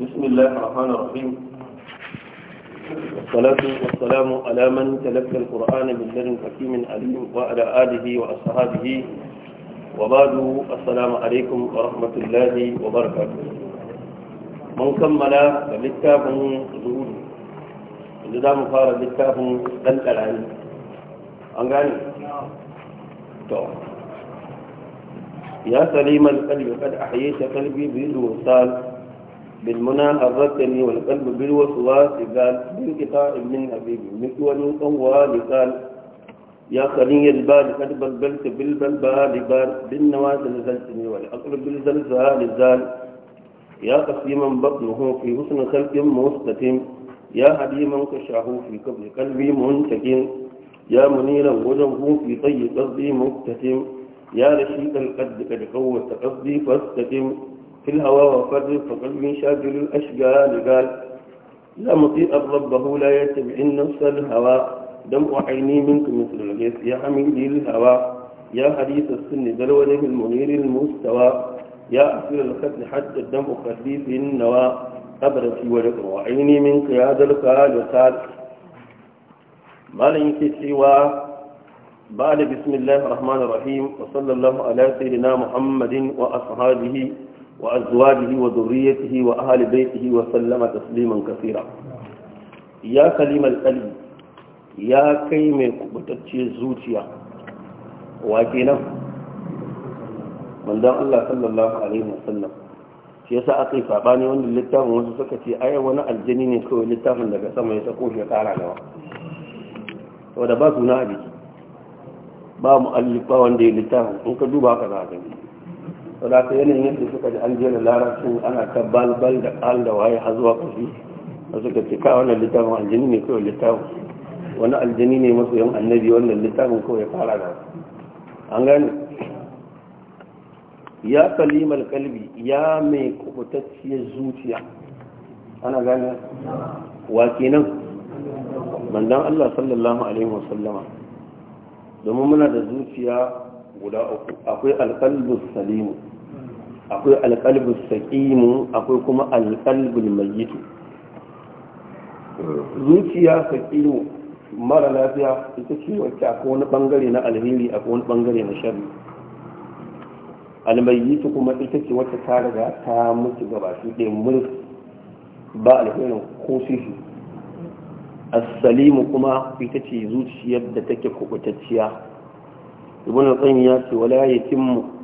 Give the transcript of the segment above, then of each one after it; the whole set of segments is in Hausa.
بسم الله الرحمن الرحيم والصلاة والسلام على من تلقى القرآن من لدن حكيم عليم وعلى آله وأصحابه وبعد السلام عليكم ورحمة الله وبركاته من كمل للتاب الظهور لذا مفارد للتاب دلت العلم أنغاني يا سليم القلب قد أحييت قلبي وصال بالمنى أردتني والقلب بالوسواس قال بانقطاع من حبيبي مثل طوال قال يا خلي البال قد بلبلت بالبلبال بال بالنوى نزلتني والعقل بالزلزال زال يا قسيما بطنه في حسن خلق مستتم يا حليما كشعه في قبل قلبي منتكن يا منيرا وجهه في طي قصدي مكتتم يا رشيق القد قد قوت قصدي فاستتم في الهوى وفر فقلبي شاجر الأشجار قال لا مطيع ربه لا يتبع النفس الهوى دمع عيني منك مثل الغيث يا حميدي الهوى يا حديث السن ذا الوجه المنير المستوى يا أسير الختن حتى الدم خدي في النوى أبرتي وجهك وعيني منك يا ذا القال وقال ما لنك سوى بعد بسم الله الرحمن الرحيم وصلى الله على سيدنا محمد وأصحابه وأزواجه وذريته وأهل بيته وسلم تسليما كثيرا يا سليم القلب يا كيم كبتتشي زوتيا وكنا من دام الله صلى الله عليه وسلم shi yasa aka yi sabani wanda littafin wasu suka ce ai wani aljini ne kawai littafin daga sama ya sako shi kara gaba saboda ba suna a jiki ba mu'allifa wanda ya littafin in ka duba haka za a gani saboda yanayin yadda suka ji an jera larabcin ana ta balbal da kal da waye har zuwa ƙarfi da suka ce ka wannan littafin aljini ne kawai littafin wani aljini ne masu yan annabi wannan littafin kawai fara da an gani ya kalimar kalbi ya mai kubutacciyar zuciya ana gane wa kenan bandan Allah sallallahu alaihi wasallama domin muna da zuciya guda uku akwai alkalbus salimu akwai alƙalbin saƙimu akwai kuma alƙalbin mayitu zuciya saƙimu mara lafiya ita ce wacce a wani ɓangare na alheri a wani ɓangare na shari almayitu kuma ita ce wacce ta riga ta mutu gabaki ɗaya mulk ba alherin ko sisi asalimu kuma ita ce zuciyar da take kubutacciya ibn al-qayyim ya ce wala yatimmu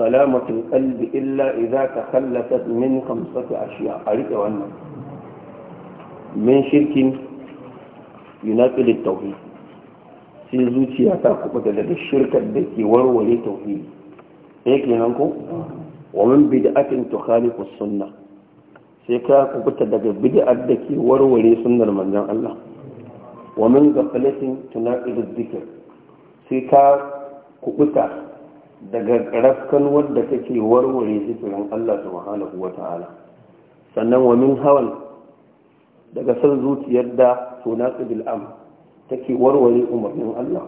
Salamatin سلامة القلب إلا إذا تخلفت من خمسة أشياء أريد وأنا من شرك يناقل التوحيد sai zuciya ta kuɓa daga shirkar da ke warware tauhidi sai kenan ko wa min bid'atin tukhalifu sunna sai ka kubuta daga bid'ar da ke warware sunnar manzon Allah wa min ghaflatin tunaqidu dhikr sai ka kubuta daga rafkan wadda take warware zikirin Allah subhanahu wa ta'ala sannan wa min hawan daga san zuciyar da tunaqi bil am take warware umarnin Allah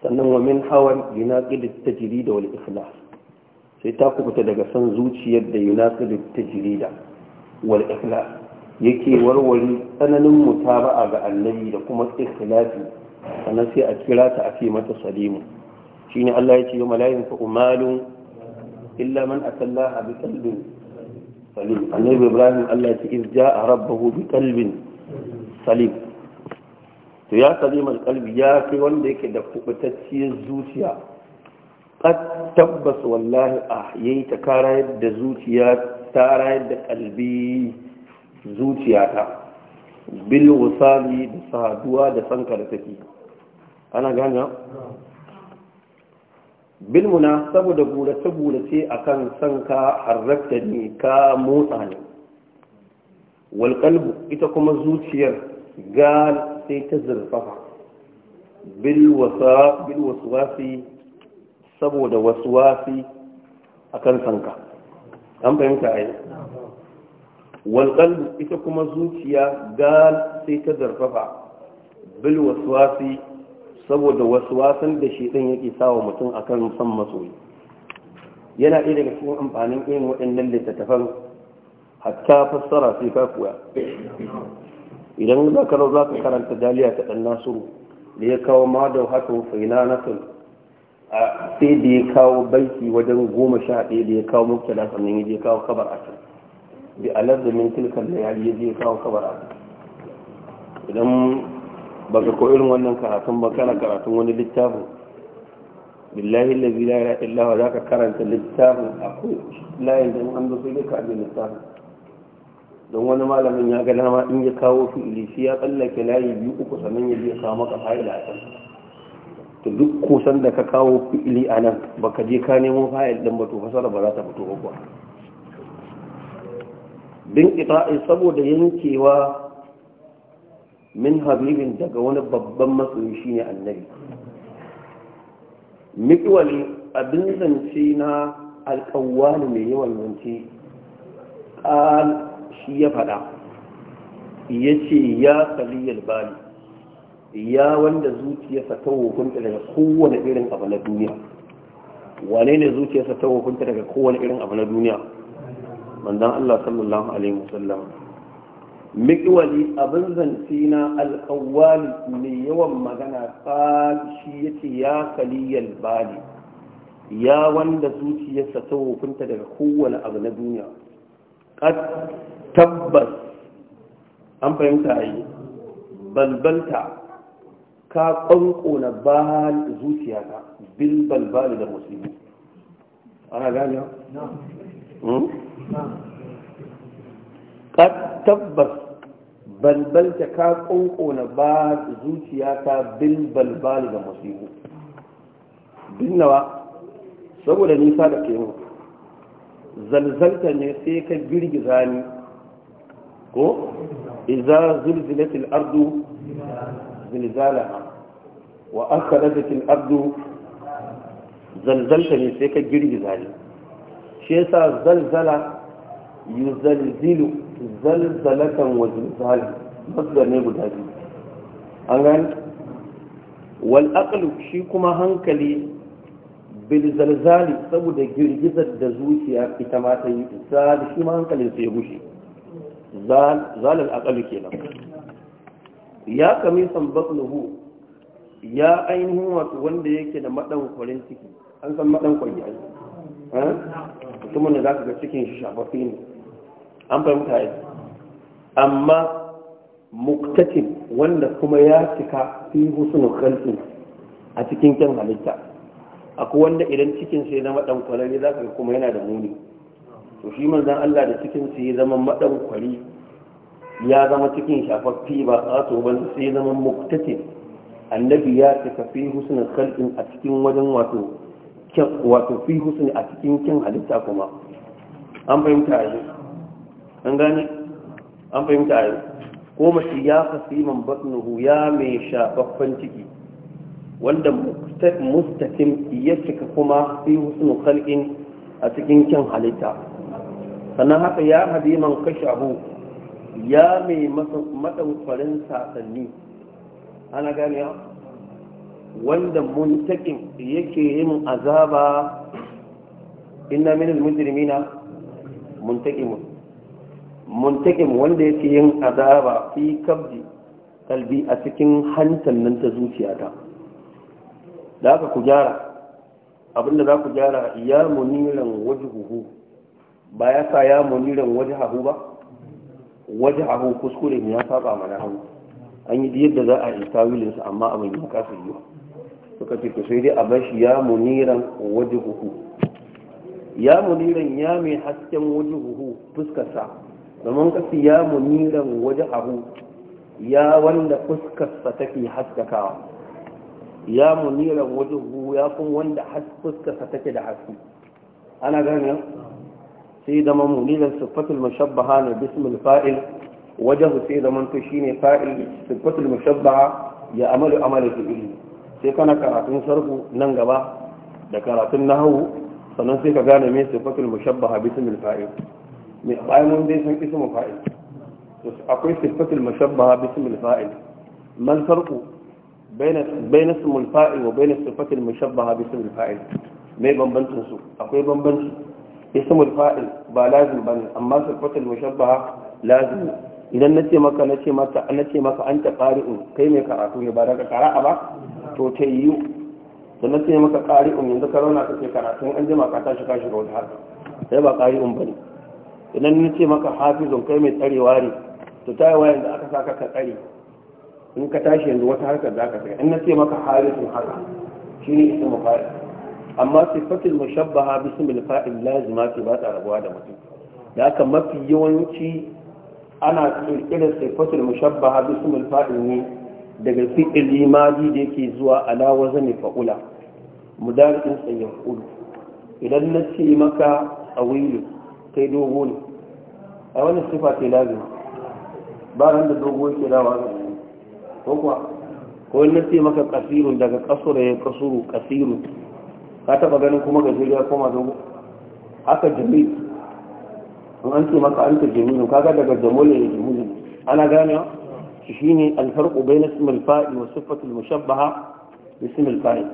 sannan wa min hawan yunaqi lit tajrida wal ikhlas sai ta kubuta daga san zuciyar da yunaqi lit tajrida wal ikhlas yake warware tsananin mutaba'a ga annabi da kuma ikhlasi sannan sai a kira ta a ce mata salimu shine Allah ya ce yau malayin fa illa man a bi qalbin salim annabi ibrahim Allah ya ce a rabbahu bi qalbin salim to ya salim alqalbi ya fi wanda yake da kubutacciyar zuciya kat tabbas wallahi ta kara yadda zuciya ta rayar da kalbi zuciyata bil wasali da saduwa da sanka da ana gane bilmuna saboda burace-burace a kan son ka harrafta ne ka motsa ne walƙalbu ita kuma zuciyar gal sai ta zurfafa wasu saboda wasuwasi a kan son ka an fahimta a yi walƙalbu ita kuma zuciya gal sai ta zurfafa wasu. saboda wasu wasan da shi ɗin yake sawa mutum a kan san masoyi yana ɗaya daga cikin amfanin irin waɗannan littattafan hatta fassara sai ka koya idan za ka za ka karanta daliya ta ɗan nasiru da ya kawo ma da haka faina na sun sai da ya kawo baiki wajen goma sha ɗaya da ya kawo da sannan ya je kawo kabar a can bi alazzamin tilkan da ya je kawo kabar a can idan ba ka koyi irin wannan karatun ba kana karatun wani littafin billahi lazi la ilaha illa huwa zaka karanta littafin akwai layin da an zo sai ka abin littafin don wani malamin ya ga dama in ya kawo fi shi ya tsallake layi biyu uku sannan ya je kawo maka fa'ila a can to duk kusan da ka kawo fi'ili a nan baka je ka nemo fa'il din ba to fasara ba za ta fito ba kuwa bin ita'i saboda yankewa min habibin daga wani babban masoyi shine annabi miƙwali abin zance na alƙawwali mai yawan zance ƙal shi ya faɗa ya ce ya kaliyar bali ya wanda zuciyarsa ta hukunta daga kowane irin abu na duniya wane ne zuciyarsa ta hukunta daga kowane irin abu na duniya manzon Allah sallallahu alaihi wasallam miƙwali abin zanci na alƙawali mai yawan magana shi ya ce ya kaliyal bali ya wanda zuciyarsa ta hukunta daga kowane abu na duniya tabbas an fahimta yi balbalta ka ba zuciya zuciyata bil balbali da musulmi ana gani hmm? tabbas balbalta ka ƙunƙona ba zuciya ta bil balbal da musibu binnawa saboda nisa da ke zalzalta ne sai ka girgiza ni ko iza zulzilatil ardu zilzalaha wa akhrajatil ardu zalzalta ne sai ka girgiza ni shi yasa zalzala yuzalzilu zalzalatan wa zilzalan masdar ne guda biyu an gani wal aqlu shi kuma hankali bil zalzali saboda girgizar da zuciya ita ma ta yi zal shi ma hankalin sai ya gushe zal zal aqlu kenan ya kami san batnuhu ya ainihin wato wanda yake da madankwarin ciki an san madankwarin ya ciki eh? mutumin da za ka ga cikin shi shafafi ne an fahimta yi amma muktatin wanda kuma ya cika fi husnul khalqi a cikin kyan halitta akwai wanda idan cikin sai na dan kwalari zaka ga kuma yana da muni to shi manzon Allah da cikin sai ya zama madan kwari ya zama cikin shafaffi ba tsato ba sai zama muktatin annabi ya cika fi husnul khalqi a cikin wajen wato wato fi husni a cikin kyan halitta kuma an fahimta yi an gani an fahimta a ko mace ya fasiman batnuhu ya mai shafaffen ciki wanda mustakim ya cika kuma fi husnu khalqin a cikin kyan halitta sannan haka ya hadiman kashahu ya mai madaukarin sasanni ana gani wanda muntakin yake yin azaba inna minal mujrimina muntakimun muntakim wanda yake yin azaba fi kabdi kalbi a cikin hantan nan ta zuciyata da aka ku gyara abinda za ku gyara ya muniran wajhuhu ba ya sa ya muniran hahu ba hahu kuskure ne ya saba mana hawo an yi yadda za a isa tawilin amma abin ya kasa yi suka ce ku sai dai a bashi ya muniran wajhuhu ya muniran ya mai hasken wajhuhu fuskarsa domin ka ya muniran waje abu ya wanda fuskarsa take haskakawa ya muniran waje hu ya kun wanda fuskarsa take da haske ana gane sai da muniran sifatul mashabbaha na bismil fa'il waje sai da shi ne fa'il sifatul mashabbaha ya amalu amalu fi'ili sai kana karatun sarku nan gaba da karatun nahawu sannan sai ka gane me sifatul mashabbaha bismil fa'il mai bayan mun san ismu fa'il akwai fa'il fa'il wa fa'il mai bambancin su akwai bambanci ismul fa'il ba lazim amma lazim idan na ce maka na ce maka ce an ta kai mai karatu ne ba daga qara'a ba to ta yi da na ce maka ƙari'un yanzu ka rauna kake karatu an jima ka tashi ka shiga wata harka sai ba ba ne. idan ni ce maka hafizun kai mai tsarewa ne to ta yi wayan da aka saka ka tsare in ka tashi yanzu wata harkar za ka tsare in na ce maka hafizun haka shi ne isa mafari amma sifatul mushabbaha bismil fa'il lazima ce ba ta rabuwa da mutum da aka mafi yawanci ana kirkirar sifatul mushabbaha bismil fa'il ne daga fi'il limadi da yake zuwa ala wazani fa'ula mudarikin sa idan na ce maka awilu kai dogo ne a wani sifa yi lazima ba nan da dogo yake dawa ko kuwa ko yi nace maka kasirun daga kasura ya kasuru kasiru ka taba ganin kuma ga ya koma dogo haka jami an an ce maka an ta jami jamilun kaga daga jamul ne jamul ana ganewa shi ne bayna bai al-fa'il wa sifatu al-mushabbaha bi ismi al-fa'il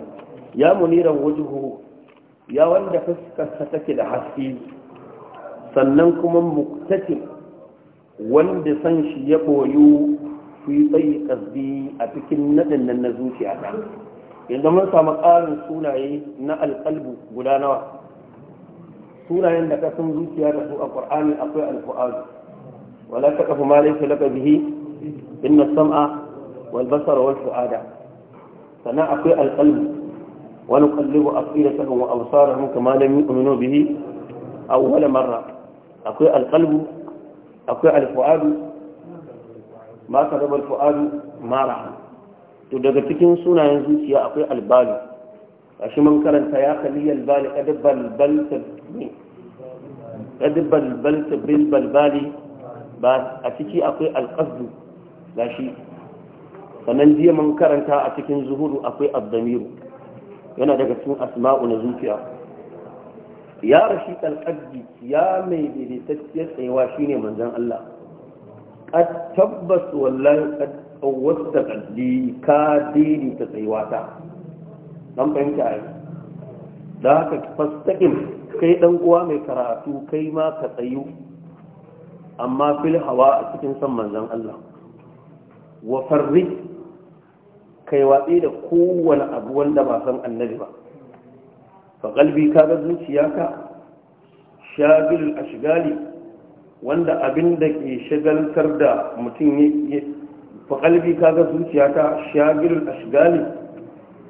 ya muniran wajhuhu ya wanda fuskarsa take da haske sannan kuma muktasim wanda san shi ya boyu fi tsayi kasbi a cikin naɗin nan na zuciya ta yanzu mun samu ƙarin sunaye na alƙalbu guda nawa sunayen da kasan zuciya da su a ƙur'ani akwai alfu'adu wala ta kafa ma laifi laka bihi na sam'a wal basara wal fu'ada sannan akwai alƙalbu wani kallibu a tsira sakan wa absarahum kama lam yu'minu bihi awwala marra akwai alƙalbu akwai alfu'adu ma ka raba alfu'adu mara to daga cikin sunayen zuciya akwai albalu a shi man karanta ya kalli albali ƙadibal balta bin balbali ba a ciki akwai alƙasdu ga shi sannan jiya man karanta a cikin zuhuru akwai abdamiru yana daga cikin asma'u na zuciya ya rashi kalƙaddi ya mai daidaitacciyar tsayuwa shine manzan Allah a tabbas wallahi wasu takalli ka daidaita tsayewa ta don fahimta a da haka fastaƙin kai ɗan uwa mai karatu kai ma ka tsayu amma fil hawa a cikin san manzan Allah wa farri kai watsi da kowane abu wanda ba san annabi ba fa kalbi kaga zuciyaka shagil ashgali wanda abin da ke shagaltar da mutum fa kalbi kaga zuciyaka shagil ashgali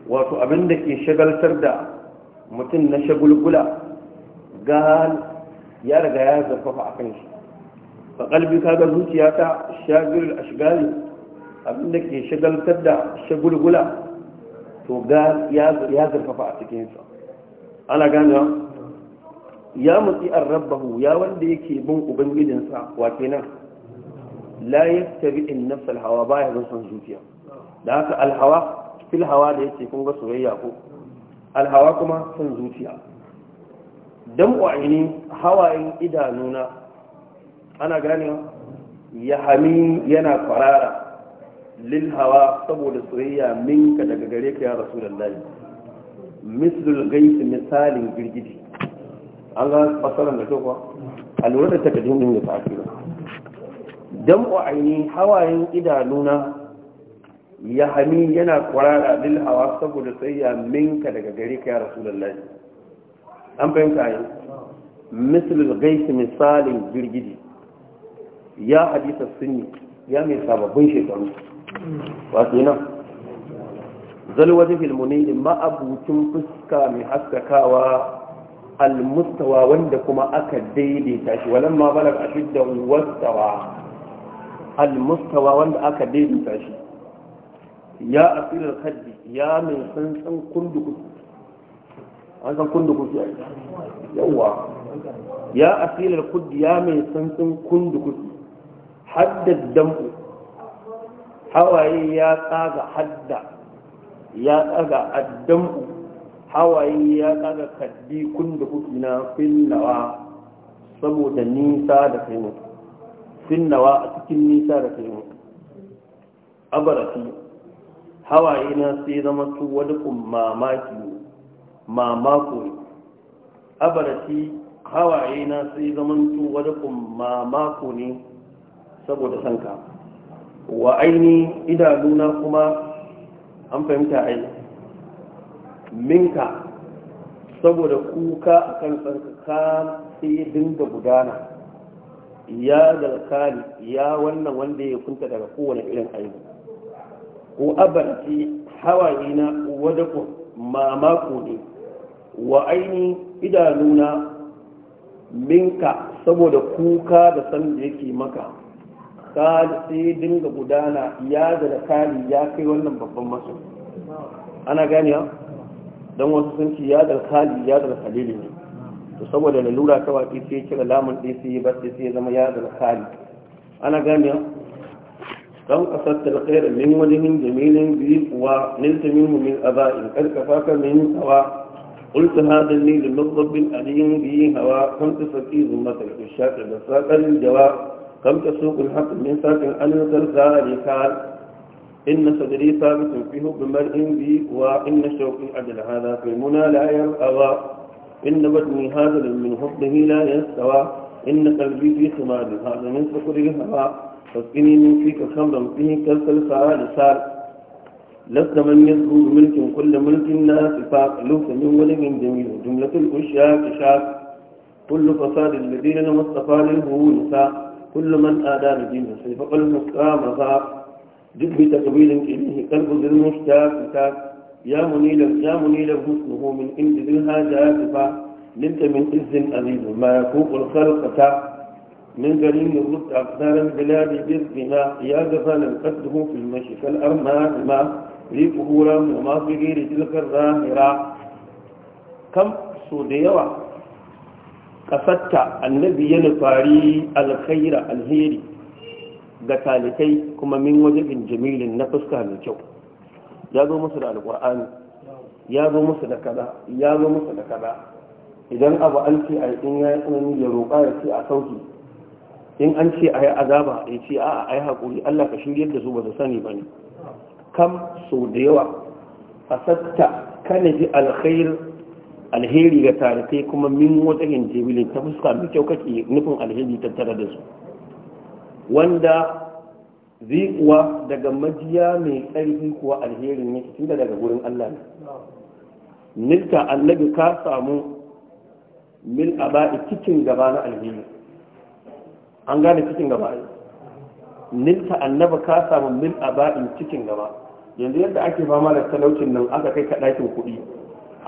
wato abin da ke shagaltar da mutum na shagulgula gal ya riga ya zarfafa akan shi fa kalbi kaga zuciyata shagil ashgali abin da ke shagaltar da shagulgula to gal ya zarfafa a cikinsa ana gane ya mutsi an ya wanda yake bin ubangijinsa wa nan layin yattabi in nafsal hawa baya zan son zuciya da haka alhawa filhawa da yake kun ga soyayya ko alhawa kuma son zuciya dan wa'ini hawayen idanuna ana gane ya hami yana kwarara lil hawa saboda soyayya minka daga gare ka ya rasulullahi mislul gaisi misalin girgiji an ga fasaran da kuwa a lura da takaddumin da ta akira dan ku aini hawayen idanuna ya hami yana kwarara lil hawa saboda sai ya minka daga gare ka ya rasulullahi an fahimta yi mislul gaisi misalin girgiji ya hadisa sunni ya mai sababbin shekaru wasu nan zalwajen filmuni ma'abucin fuska mai haskakawa almustawa wanda kuma aka daidaita shi walan ma balag a shiddan wastawa almustawa wanda aka daidaita shi ya asirar haddi ya mai sansan kunduku an san kunduku su yawa ya asirar kuddi ya mai sansan kunduku haddad damu hawaye ya tsaga hadda ya tsaga addan hawaye ya tsaga kaddi kun da na finnawa saboda nisa da kai mutu finnawa a cikin nisa da kai mutu abarafi hawaye na sai zama su wani kun mamaki mamako abarafi hawaye na sai zama su wani kun mamako ne saboda sanka wa aini idanuna kuma an fahimta ai minka saboda kuka a kan tsarkaka sai ya dinga gudana ya zalkali ya wannan wanda ya kunta daga kowane irin aiki. ko abarci hawaye na wadda ku mamako ne wa aini idanuna minka saboda kuka da sanda da yake maka ka sai dinga gudana ya zara kari ya kai wannan babban masu ana gani ya don wasu sun ci ya zara kari ya zara kalili ne to saboda na lura ta waƙi sai kira lamun ɗin sai ba sai ya zama ya zara kari ana gani ya don a da kaira min wani min jamilin biyu kuwa min ta min mummin a ba in karkafa ka min hawa ulta hadin ne da mazzabin aliyun biyun hawa kan ta saƙi zumbatar ta shaƙar da saƙarin jawa كم تسوق الحق من ساكن أن يزل ذلك إن صدري ثابت فيه بمرء بي وإن شوقي أجل هذا في المنى لا يرأوى إن بدني هذا من حبه لا يستوى إن قلبي في خمار هذا من سكر الهوى فاسقني من فيك خمرا فيه كالسلسال سال لست من يذكر ملك كل ملك فاق لوك من ولد جميل جملة الأشياء كشاك كل فساد الذين مصطفى له نساء كل من آدى بدينه سيفق المسقام ذا جد تقبيل إليه قلب ذي المشتاق يا منيل يا منيل حسنه من عند ذي الهاجات نلت من عز عزيز ما يفوق الخلق من قليل الرد أقدار البلاد برزقنا يا جفانا قده في المشي كالأرمان ما ريقه رام وما في غير تلك الراهرة كم سوديوة kasatta annabi ya nufari alkhaira alheri ga talikai kuma min wajibin jamilin na fuska mai kyau ya zo musu da alkur'ani ya zo musu da kaza ya zo musu da kaza idan abu an ce a in ya tsanani ya roƙa ya ce a sauki in an ce a yi azaba ya ce a a yi haƙuri allah ka shirya da su ba su sani ba ne kam sau da yawa kasatta kana ji alkhair alheri ga tarikai kuma min wajen jibilin ta fuska mai kyau kake nufin alheri tattara da su wanda zai kuwa daga majiya mai tsarki kuwa alherin su da daga gurin Allah ne nilka annabi ka samu mil aba'i cikin gaba na alheri an gane cikin gaba nilka annabi ka samu mil aba'in cikin gaba yanzu yadda ake fama da talaucin nan aka kai ka ɗakin kuɗi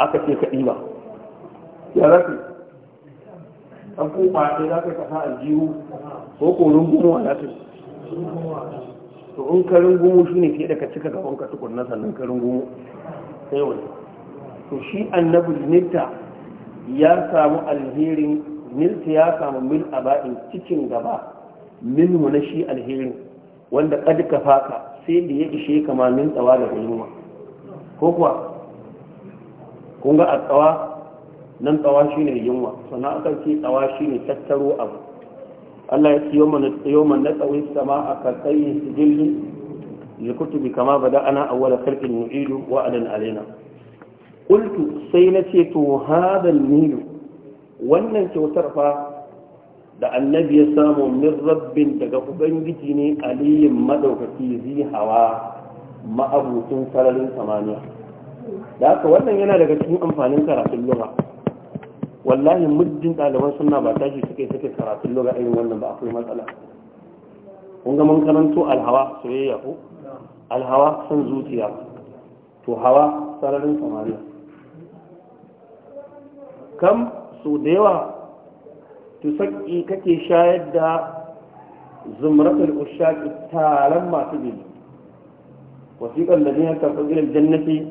aka ce ka ɗiba ya za an kuma ɗaya za ka kasa aljihu ko ko rungumu a latin to in ka rungumu shi ne fiye da ka cika gaban ka tukunna sannan karin rungumu sai wani to shi annabi nilta ya samu alherin nilta ya samu mil a ba'in cikin gaba minhu na shi alherin wanda kadka faka sai da ya ishe kama min tsawa da gulma ko kuwa kun ga a tsawa nan tsawa shi ne yunwa sannan aka ce tsawa shi ne tattaro abu Allah ya ce yawman na tsawai sama a karkayin sijilli likutubi kama bada ana awwala karfin nu'idu wa adan alaina qultu sai na ce to hadal nilu wannan kyautar fa da annabi ya samu min rabbin daga ubangiji ne aliyin madaukaki zai hawa ma'abucin sararin samaniya da haka wannan yana daga cikin amfanin karatun lura wallahi muddin ɗaliban suna ba tashi suke suke karatun loga irin wannan ba akwai matsala kun ga mun karanto alhawa soyayya ko alhawa son zuciya to hawa sararin samariya kam so da yawa tusakki kake shayar da zumratul ushaq taron masu bi wasiqan ladina tafaqil jannati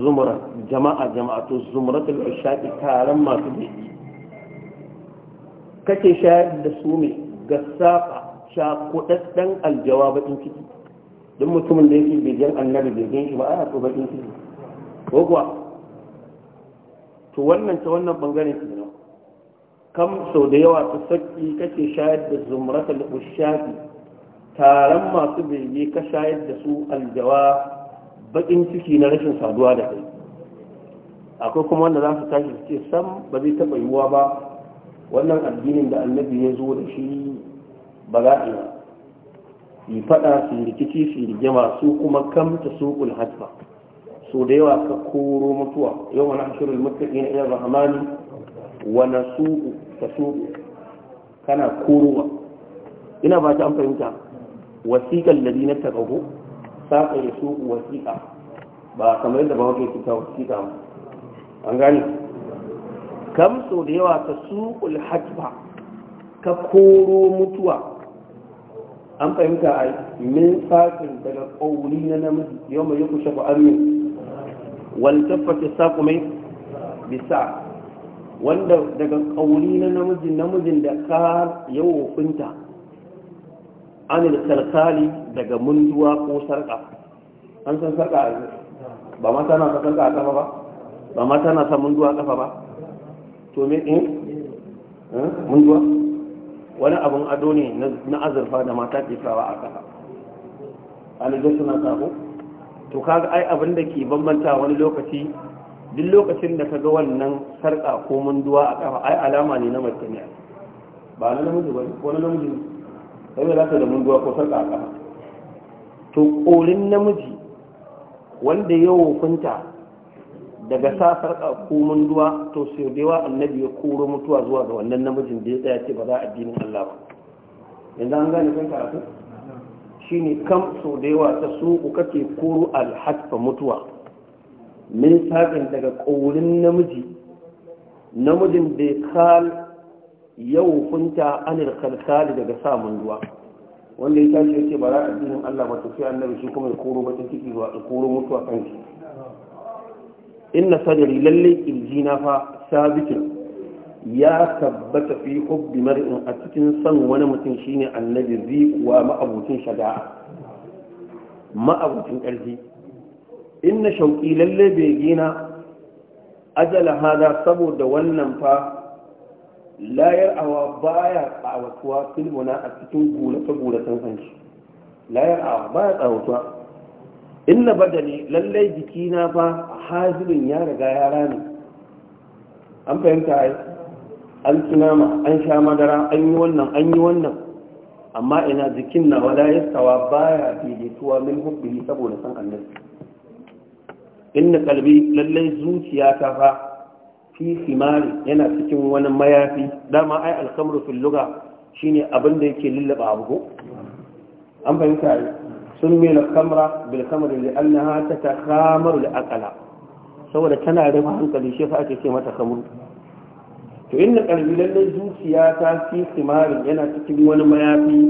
zumura jama'a jama'atu zumratul ishaqi taron masu biki kake shayar da su ne ga saba sha kudaddan aljawa bakin ciki don mutumin da yake begen annabi begen shi ba a yato bakin ciki ko kuwa to wannan ta wannan bangaren ki ne kam sau da yawa ta sakki kake shayar da zumratul ishaqi taron masu bege ka shayar da su aljawa bakin ciki na rashin saduwa da kai akwai kuma wanda za su tashi su ce sam ba zai taɓa yiwuwa ba wannan addinin da annabi ya zo da shi ba za a yi faɗa su yi rikici su yi rigima su kuma kamta su hatfa so da yawa ka koro mutuwa yau wani ashirin mutaki na iya rahamani wani su ta su kana korowa ina ba ta an fahimta wasiƙar ladina ta saƙa ya su wasiƙa ba kamar yadda ba wake kita wasiƙa ba an gane kam so da yawa ka suƙul hajjba ka koro mutuwa an fahimta a min fakin daga ƙauri na namiji yau mai yaku shafa amin wani tabbata saƙo mai bisa wanda daga ƙauri na namiji namijin da ka yawo finta anil kalkali daga munduwa ko sarka an san sarka a ba ma na san sarka a kafa ba ba ma na san munduwa a kafa ba to me in eh? eh, munduwa wani abun ado ne na azurfa da mata ke sawa a kafa alijar suna sako to kaga ai abin da ke bambanta wani lokaci duk lokacin da kaga wannan sarka ko munduwa a kafa ai alama ne na mace ne ba na namiji ba ko na namiji ne wanda za ka da ko sarka a ƙafa to ƙorin namiji wanda ya wofinta daga sa sarka ko munduwa to sai da yawa annabi ya koro mutuwa zuwa ga wannan namijin da ya tsaya ce ba za a addinin Allah ba yanzu an gane kan karatu shine kam so da yawa ta su kake koro alhasfa mutuwa min saƙin daga ƙorin namiji namijin da ya yau kunta anil kalkali daga samun ruwa wanda ya tashi yace ba za a addinin Allah ba to sai annabi shi kuma ya koro bakin ciki zuwa ya koro mutuwa kan shi inna sadri lalle kirjina fa sabitin ya tabbata fi hubbi mar'in a cikin san wani mutum shine annabi zi wa ma'abucin shada'a ma'abucin ƙarfi inna shauƙi lalle gina ajala hada saboda wannan fa layar awa baya tsawatuwa filmuna a cikin gurace-guracen hanci layar awa baya tsawatuwa inna badani lallai jikina fa hazirin ya riga ya rami an fahimta ai an tunama an sha madara an yi wannan an yi wannan amma ina jikin na wala yastawa baya daidaituwa min hubbi saboda san annabi inna kalbi lallai zuciya ta fa fi simari yana cikin wani mayafi dama ai alkamru fil lugha shine abin da yake lullaba abu an fahimta ai sun mai kamra bil kamri li annaha tatakhamaru li aqala saboda tana rufe hankali shi fa ake ce mata kamru to inna qalbi lallai zuciya ta fi simari yana cikin wani mayafi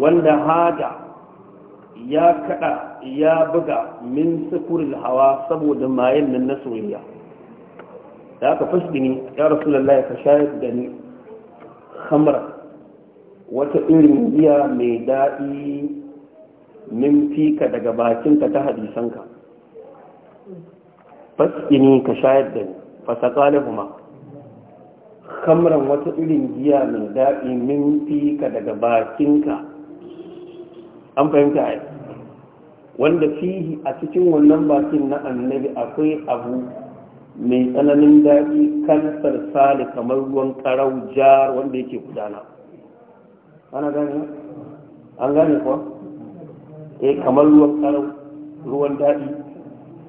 wanda haja ya kada ya buga min sukuril hawa saboda mayen nan na soyayya da aka ni, ya lallai ka shayar da ni khamra wata irin giya mai daɗi min fika daga bakinka ta hadisanka fasdini ka shayar da ni tsale kuma Hamran wata irin giya mai daɗi min fika daga bakinka an fahimta ai wanda fihi a cikin wannan bakin na annabi akwai abu mai tsananin daɗi kansar sali kamar ruwan karau jar wanda yake gudana ana gane an gane kuwa eh kamar ruwan karau ruwan daɗi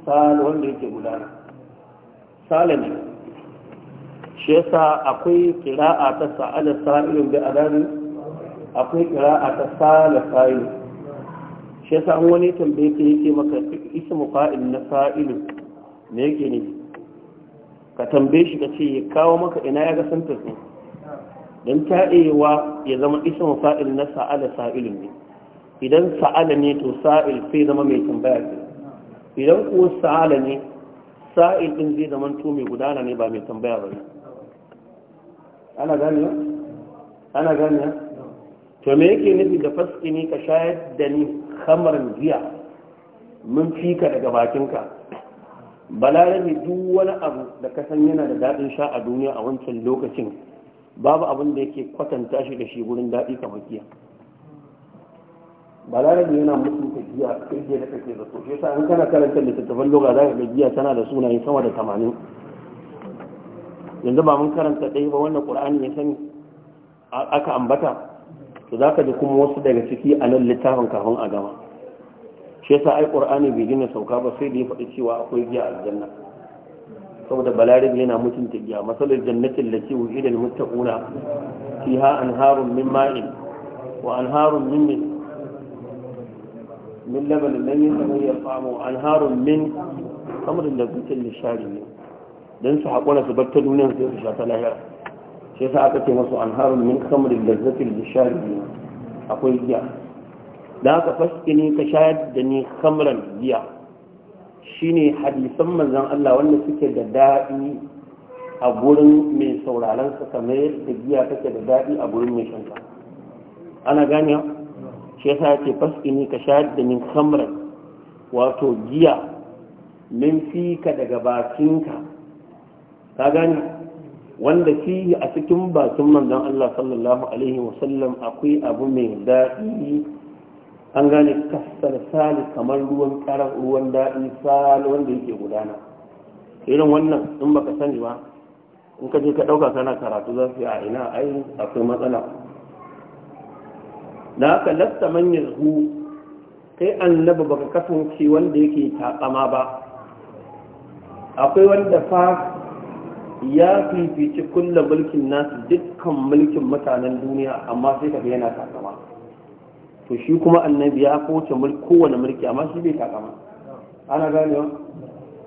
sali wanda yake gudana sali ne shi yasa akwai kira'a ta sa'ala sa'ilun bi adabin akwai kira'a ta sala sa'ilun shi yasa an wani tambaye ta yake maka ismu fa'il na Sa'ilu me yake nufi ka tambaye shi ka ce ya kawo maka ina ya ga sun tafi don ta'ewa ya zama isin fa'il na sa'ala sa'ilun ne idan sa'ala ne to sa'il sai zama mai tambaya ce idan kuwa sa'ala ne sa'il ɗin zai zama to mai gudana ne ba mai tambaya ba ne ana ganiya? ana ganiya? to me yake nufi da faski ne ka shayar da ni kamar jiya mun fika daga bakinka balarabe duk wani abu da ka san yana da daɗin sha a duniya a wancan lokacin babu abin da yake kwatanta shi da shi wurin daɗi kamar giya balarabe yana mutunta giya kai da kake zato shi yasa in kana karanta littattafan loga za ka ga giya tana da sunaye sama da tamanin yanzu ba mun karanta ɗaya ba wannan ƙur'ani ya sani aka ambata to za ka ji kuma wasu daga ciki a nan littafin kafin a gama shi yasa ai qur'ani bai gina sauka ba sai da ya faɗi cewa akwai giya a aljanna saboda balarabi yana mutunta giya masalar jannatin lati wuhida ha an harun min ma'in wa an harun min min labanin lam yatamayya an harun min da kamarin lazzatin ne don su haƙura su bar ta duniyar sai su sha ta lahira shi yasa aka ce masu anharun min da kamarin lazzatin ne akwai giya da faske ni ka shayar da ni kamran giya shine hadisan manzan Allah wanda suke da daɗi a gurin mai sauraron sa kamar yadda giya take da daɗi a gurin mai shanta ana gane shi yasa yake ni ka shayar da ni kamran wato giya min fika daga bakinka ka gane wanda fi a cikin bakin manzan Allah sallallahu alaihi wasallam akwai abu mai daɗi an gane kasar sali kamar ruwan karar ruwan daɗi sali wanda yake gudana irin wannan in baka sani ba in ka je ka ɗauka kana karatu za su yi a ina ai akwai matsala da aka lasta manyan hu kai ba baka kasance wanda yake taƙama ba akwai wanda fa ya fifici kulla mulkin nasu dukkan mulkin mutanen duniya amma sai ka yana taƙama to shi kuma annabi ya kowace kowane mulki amma shi bai takama ana gane wa?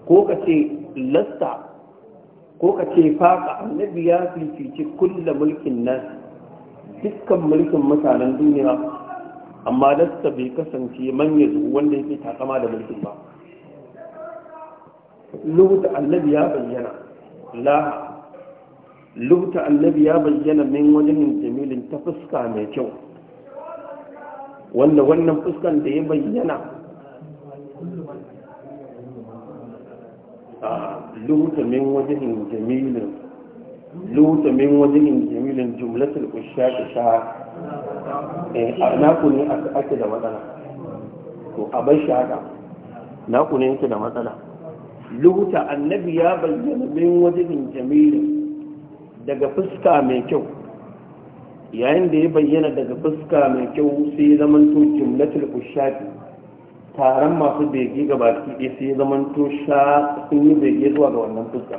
ko ka ce lasta ko ka ce faka. annabi ya fifici kulla mulkin nan, dukkan mulkin mutanen duniya amma lasta bai kasance manya zuwa wanda yake takama da mulkin ba lubuta annabi ya bayyana la lubuta annabi ya bayyana min wajen jamilin ta fuska mai kyau wanda wannan fuskan da ya bayyana a luta min wajen jamilin luta min wajen jamilin jumlatul ta sha eh, a naku ne ake da matsala to a bai shi haka naku ne yake da matsala luta annabi ya bayyana min wajen jamilin daga fuska mai kyau yayin da ya bayyana daga fuska mai kyau sai ya zamanto jumlatul ushafi taron masu bege ga baki ɗaya sai ya zamanto sha sun yi bege zuwa ga wannan fuska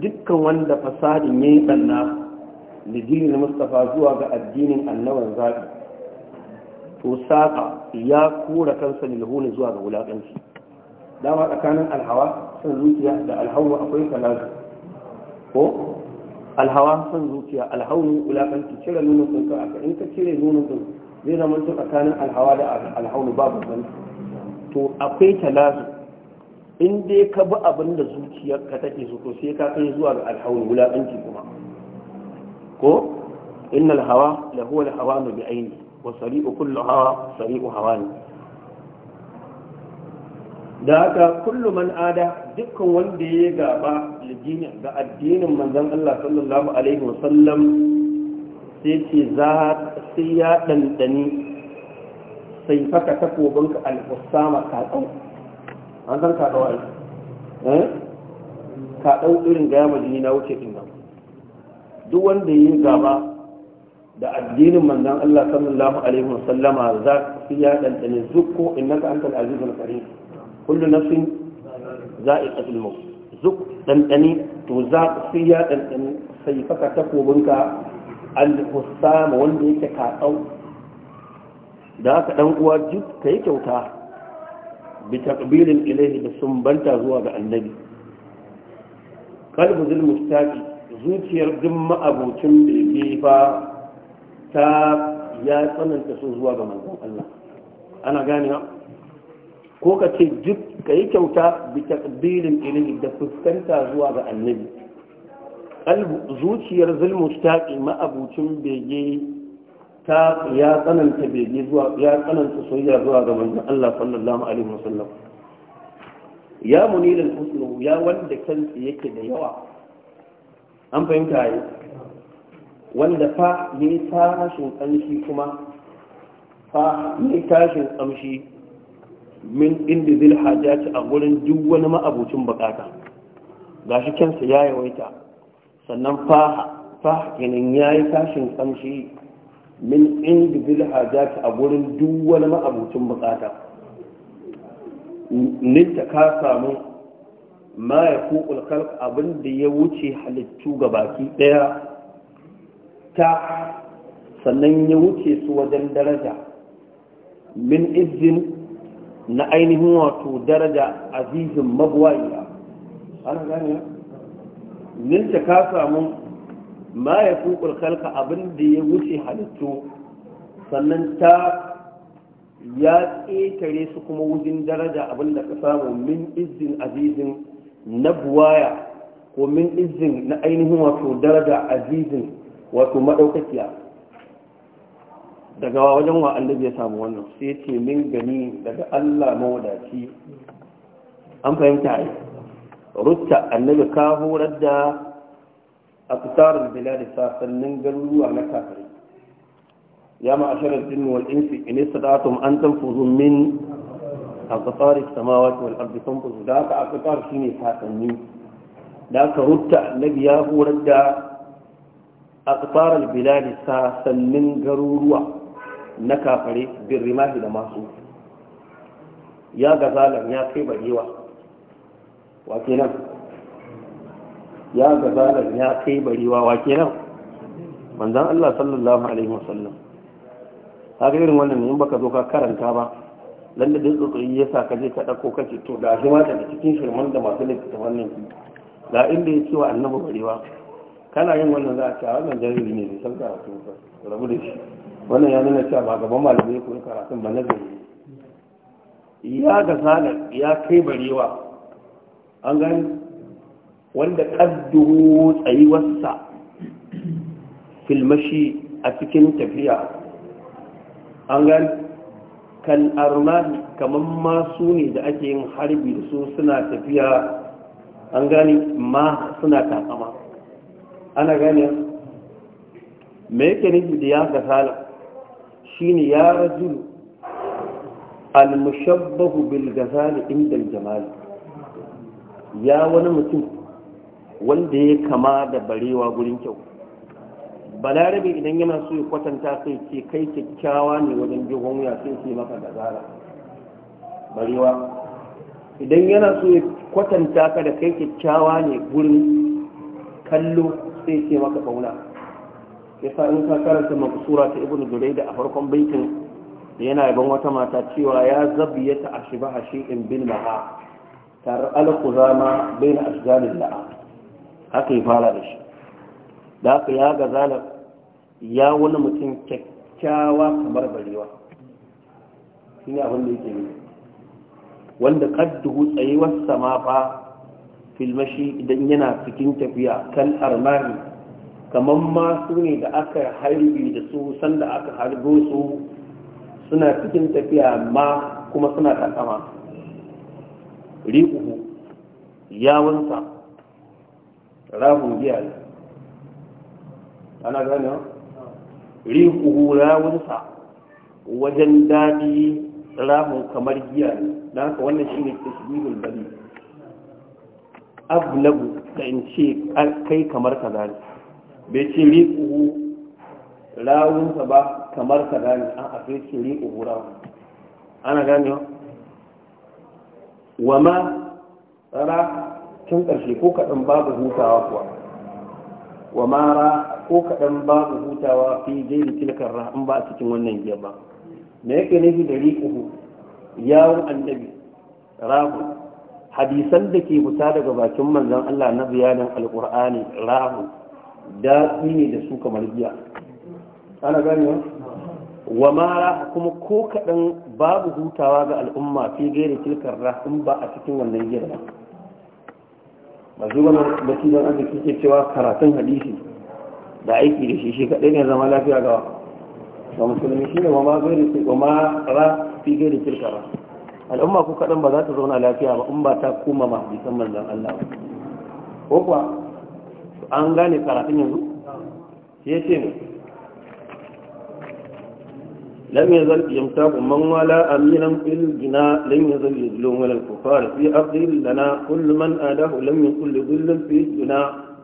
dukkan wanda fasadin ya yi da dinin mustafa zuwa ga addinin annaban zaɓi to saƙa ya kura kansa lahuni zuwa ga wulaƙanci dama tsakanin alhawa sun zuciya da alhawa akwai kalazu ko alhawa son zuciya alhaunu wulakanci cire nunin sun kai aka in ka cire nunin sun zai zama su tsakanin alhawa da alhaunu ba babban to akwai talazu in dai ka bi abin da zuciyar ka take su to sai ka kai zuwa ga alhaunu wulakanci kuma ko inna alhawa la huwa alhawanu bi aini wa sari'u kullu hawa sari'u hawani da haka kullu man ada dukkan wanda ya yi gaba ga addinin manzan Allah sallallahu alaihi wasallam sai ce za sai ya ɗanɗani sai faka takobinka al-usama kaɗau an san kaɗau a eh kaɗau irin gaya majini na wuce ɗin duk wanda ya yi gaba da addinin manzan Allah sallallahu alaihi wasallama za sai ya dantane zukko innaka kan azizul kare kullu nafsin za'iqatul maut zuk ɗanɗani. to za sai ya ɗanɗani sai faka takobinka al-hussam wanda yake kaɗau. da aka ɗan uwa duk yi kyauta bi taqbilin ilayhi da sumbanta zuwa ga annabi qalbu zil mustaqi zuciyar duk ma'abocin bege fa ta ya tsananta so zuwa ga manzon Allah ana ganewa ko ka ce duk ka yi kyauta bi takbirin ilimi da fuskanta zuwa ga annabi qalbu zuciyar zulmustaqi ma'abucin bege ta ya tsananta bege zuwa ya tsananta soyayya zuwa ga manzon Allah sallallahu alaihi wasallam ya munil al-husn ya wanda kansa yake da yawa an fahimta yi wanda fa ne tashin kamshi kuma fa ne tashin kamshi min inda zil hajjati a gurin duk wani ma'abucin bukata shi kyansa ya yawaita sannan faha faha kenan ya yi tashin kamshi min inda zil hajjati a gurin duk wani ma'abucin bukata ninta ka samu ma ya kukul kalk abin da ya wuce halittu ga baki daya ta sannan ya wuce su wajen daraja min izin na ainihin wato daraja azizin ya ana gane ninta ka samu ma ya kukul kalka abin da ya wuce halittu sannan ta ya ƙetare su kuma wujin daraja abin da ka samu min izin azizin na buwaya ko min izin na ainihin wato daraja azizin wato maɗaukakiya daga wajen wa annabi ya samu wannan sai ce min gani daga Allah mawadaci an fahimta ai rutta annabi ka horar da aktarar bilad sasannin garuruwa na kafirai ya ma'asharar jinn wal insi in istadatum an tanfuzu min aqtar as-samawati wal ardi tanfuzu da ka aqtar shine sasanni da ka rutta annabi ya horar da aqtar bilad sasannin garuruwa na kafare bin rimahi da masu ya gazalar ya kai barewa wa kenan ya gazalar ya kai barewa wa kenan manzan Allah sallallahu alaihi wasallam haka irin wannan in baka zo ka karanta ba lalle da tsotsoyi ya sa ka je ka ɗauko kace to da shi ma daga cikin shirman da masu wannan su ga inda ya cewa wa annabi barewa kana yin wannan za a ce a wannan jariri ne bai san a ba rabu da shi wannan ya nuna cewa ba gaban malamai ya koyi karatun ba nazari ya ga sanar ya kai barewa an gani wanda kaddu tsayuwarsa filmashi a cikin tafiya an gani kan armahi kamar masu ne da ake yin harbi da su suna tafiya an gani ma suna takama ana gani me yake nufi da ya ga salar shine ya rajulu al-mushabbahu bil ghazali inda al-jamal ya wani mutum wanda ya kama da barewa gurin kyau balarabe idan yana so ya kwatanta sai ce kai kyakkyawa ne wajen jihon wuya sai ce maka gazala barewa idan yana so ya kwatanta ka da kai kyakkyawa ne gurin kallo sai ce maka fauna. yasa in ka karanta maksura ta ibnu jurayda a farkon baitin yana yaban wata mata cewa ya zabiyata ashbaha shi'in bin maha tar al bai na ashjalil da'a. haka ya fara da shi da haka ya ga zalab ya wani mutum kyakkyawa kamar barewa shine abin da yake ne wanda kaddu tsayuwar sama fa filmashi idan yana cikin tafiya kan armari. kamar ma su ne da aka harbi da su sanda aka harbo su suna cikin tafiya ma kuma suna takama riƙuhu yawansa rahun ne ana gane riƙuhu yawunsa wajen daɗi rahun kamar giya ne don haka wannan shi ne shi bari ablagu da in ce kai kamar ka zari bai ce riƙuhu rawunsa ba kamar ka gani an afe ce riƙuhu rawun ana gani wa ma ra tun ƙarshe ko kaɗan babu hutawa kuwa wa ma ra ko kaɗan babu hutawa fi jeri tilkar in ba a cikin wannan giya ba me yake nufi da riƙuhu yawon annabi rahun hadisan da ke fita daga bakin manzan Allah na bayanin alƙur'ani rahun daɗi ne da su kamar giya ana ganewa wa mara kuma ko kaɗan babu hutawa ga al'umma fi gaira tilkar rahun ba a cikin wannan giyar ba ba shi makidan basiran arziki ke cewa karatun hadisi da aiki da shi shi kaɗai ne zama lafiya gawa ba musulmi shi ne wa ma ra fi gaira tilkar al'umma ko kaɗan ba za ta zauna lafiya ba in ba ta koma ma bisan manzan Allah ba ko kuwa To an gane karatun yanzu ya ce ne lam ya zarfi ya mta kuman wala aminan filgina lam ya zarfi ya zulon wala kufar fi abdil da na kulluman adahu lam ya kulle gullun fi juna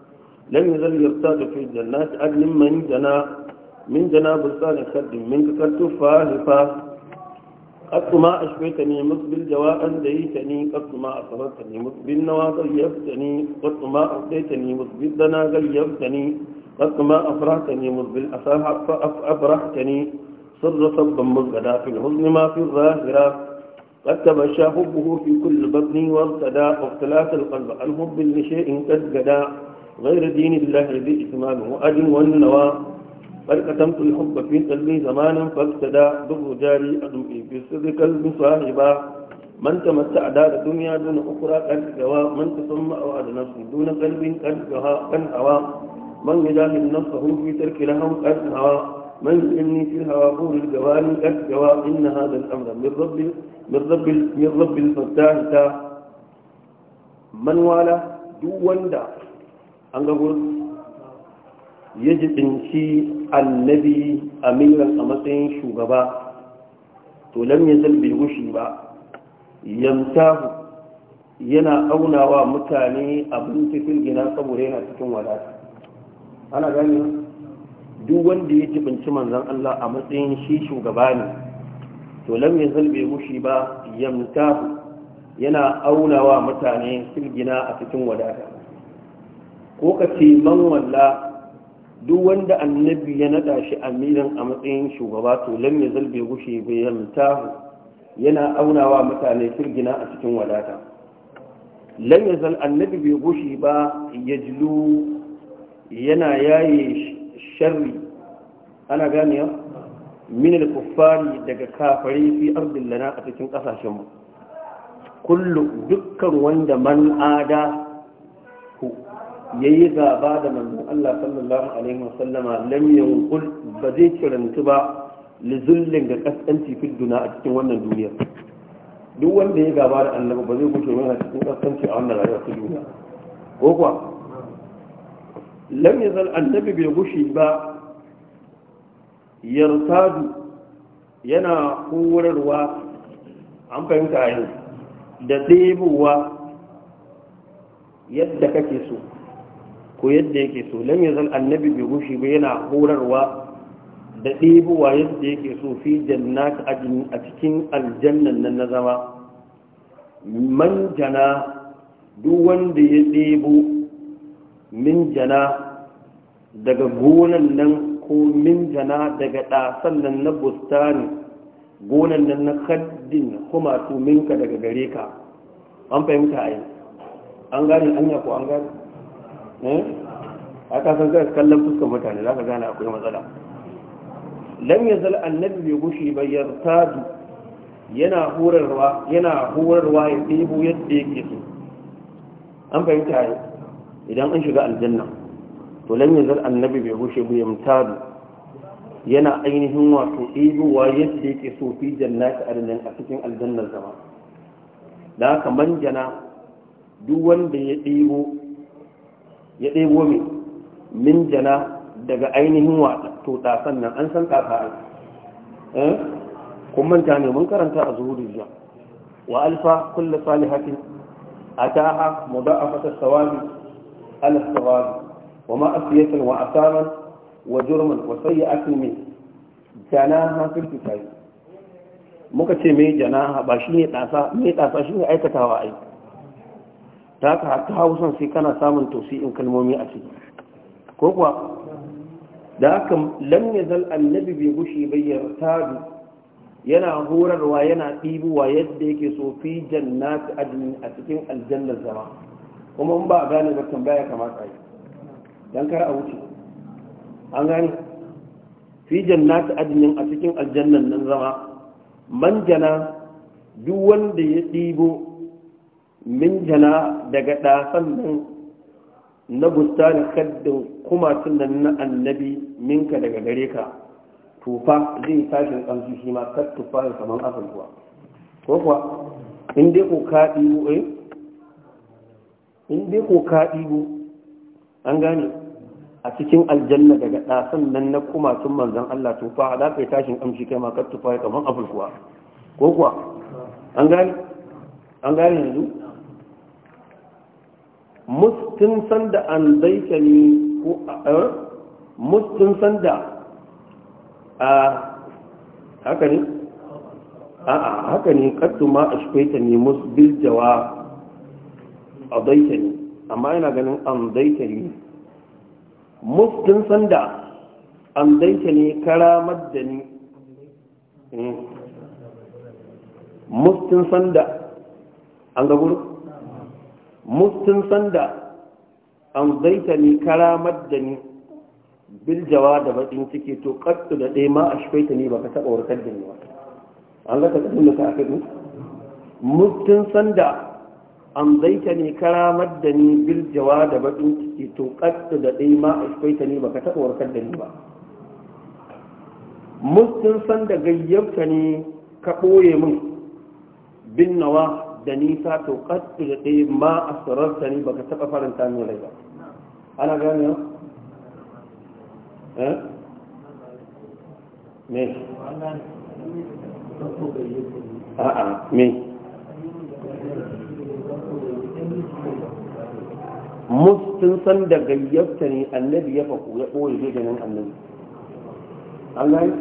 lam ya zarfi ya fita da fi jannati adlin min jana min jana bursa da kaddin min kakar tufa hifa قد ما أشفيتني مقبل جواء أنديتني قد ما أصرتني مقبل نوى غيبتني قد ما أعطيتني مقبل دنا غيبتني قد ما أفرحتني مقبل أفرحتني صر صبا مزغدا في الحزن ما في الظاهرة قد تبشى حبه في كل بطني وارتدى واختلاف القلب عن حب لشيء قد غدا غير دين الله ذي إتمامه أد كتمت الحب في قلبي زمانا فابتدى ضر جاري أدمئي في صدق قلبي من تمتع دار الدنيا دون أخرى قد جوا من تسمى على نفسه دون قلب قد جوا قد هوا من يجاهد نفسه في ترك لهم قد هوا من يسلمني في الهوى بور الجواني قد جوا إن هذا الأمر من رب من رب من رب الفتاح من والا دون دا أنغبر يجب إن شيء annabi milan a matsayin shugaba to lam yazal bai gushi ba yamtahu yana aunawa mutane abin cikin gina saboda yana cikin wadata ana gani duk wanda ya jibinci manzon Allah a matsayin shi shugaba ne to lam yazal bai gushi ba yamtahu yana aunawa mutane filgina a cikin wadata ko ka ce man walla duk wanda annabi ya nada shi amiran a matsayin shugaba to lam ya zalbe gushe bai yamtahu yana aunawa mutane firgina a cikin wadata lam ya zal annabi bai gushe ba ya jilu yana yaye sharri ana gane ya min al-kuffari daga kafari fi ardin lana a cikin kasashen mu kullu dukkan wanda man ada yayi gaba da manzon Allah sallallahu alaihi wa sallama lam yanqul ba zai kirantu ba lizullin ga kaskanci fil a cikin wannan duniya duk wanda ya gaba da annabi ba zai gushe wannan cikin kaskanci a wannan rayuwa ta duniya ko kuwa lam yazal annabi bai gushi ba yartadu yana horarwa an fahimta yanzu da ɗebowa yadda kake so ko yadda yake so lam yazal annabi bi gushi ba yana horarwa da wa yadda yake so fi jannat ajin a cikin aljannan nan na zama man jana duk wanda ya ɗebo min jana daga gonan nan ko min jana daga ɗasan nan na bustani gonan nan na kaddin kuma su minka daga gare ka an fahimta a yi an gane anya ko an gane Eh? a kasan kai kallon fuskar mutane za ka gane akwai matsala lam yazal annabi bai gushi ba yartadu yana horarwa yana horarwa ya ɗebo yadda yake so an fahimta ya idan an shiga aljanna to lam yazal annabi bai gushi ba yamtadu yana ainihin wato ɗebowa yadda yake so fi jannati adnan a cikin aljannar zama da haka manjana duk wanda ya ɗebo ya ɗebo mai min jana daga ainihin wato ɗasan nan an san ƙasa an eh? kun manta ne mun karanta a zuhuri jiya wa alfa kulla salihatin ataha mudafata sawabi ala sawabi wa ma asiyatan wa asaman wa jurman wa sayyi'atin min janaha fil kitabi muka ce mai janaha ba shine ɗasa shi ne aikatawa aiki ta haka hatta hausan sai kana samun in kalmomi a ciki ko kuwa da aka lam zal annabi bai gushi bayyar tadu yana horarwa yana ɗibuwa yadda yake so fi jannati adnin a cikin aljannar zama kuma in ba a gane zartan tambaya kamata yi dan kar a wuce an gane fi jannati adnin a cikin aljannar nan zama man jana duk wanda ya ɗibo min jana daga ɗasan nan na bustani kaddin kumatun nan na annabi minka daga gare ka tufa zai tashin ƙamshi shi ma kar tufa da saman asin kuwa ko kuwa in dai ko ka ɗibo eh in dai ko ka an gane a cikin aljanna daga ɗasan nan na kumatun manzan Allah tufa za ka yi tashin ƙamshi kai ma kar tufa da saman asin kuwa ko kuwa an gane an gane yanzu mustin sanda an zaita ni ko eh, mustin sanda a haka ne a'a haka ne kattu ma a shukaita ne musbil jawa a zaita ni amma yana ganin an zaita ni mustin sanda an zaita ni karamar da ni hmm. mustin sanda an ga mutun sanda an zaita ni karamar da ni biljawa da bakin ciki to kaddu da ɗaya ma a shafaita ni baka taɓa warkar da ni ba an ga ta da ka aka yi san sanda an zaita ni karamar da ni biljawa da bakin ciki to kaddu da ɗaya ma a shafaita ni baka taɓa warkar da ni ba mutun sanda gayyabta ni ka ɓoye min bin nawa da nisa to kaddu da ɗaya ma a sararta ne ka taɓa faranta min rai ba ana gane eh me a'a me mustin san da gayyarta ne annabi ya faku ya ɓoye ganin annabi an gani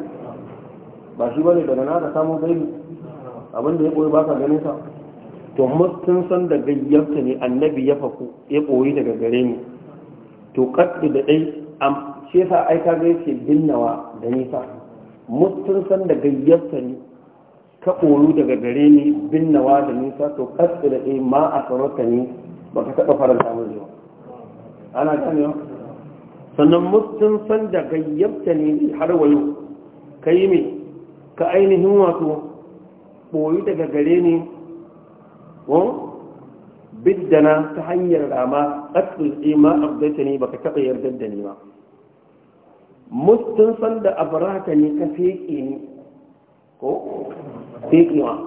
ba shi bane daga na da samun gaibi abinda ya ɓoye ba ka ganin sa to mutum san da gayyarta ne annabi ya faku ya ɓoyi daga gare ni to kaɗi da ɗai am shi yasa ai ka ga yake binnawa da nisa mutum san da gayyarta ne ka ɓoyi daga gare ni binnawa da nisa to kaɗi da ɗai ma a sarauta ne ba ka taɓa faranta min zuwa ana ganewa sannan mutum san da gayyarta ne har wayo ka yi ka ainihin wato ɓoyi daga gare ni biddana ta hanyar rama ƙasar ima abdata ne baka taɓa yardar da ni ba mustun san da abaraka ne ka feƙe ni ko wa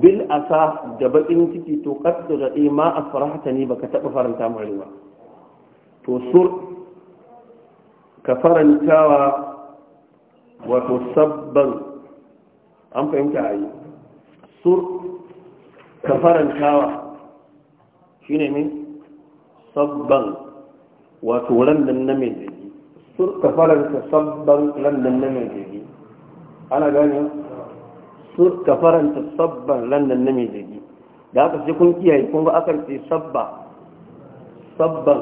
bil asa da baƙin ciki to kasu da ima a farahata ne baka taɓa faranta mai ba to sur ka farantawa wato sabban an fahimta a yi sur ka farantawa shi ne min sabban wato randan na mai jirgi sur ka faranta sabban randan na mai jirgi ana gane sur ka faranta sabban randan na mai jirgi da aka ce kun kiyaye kun ga akan ce sabba sabban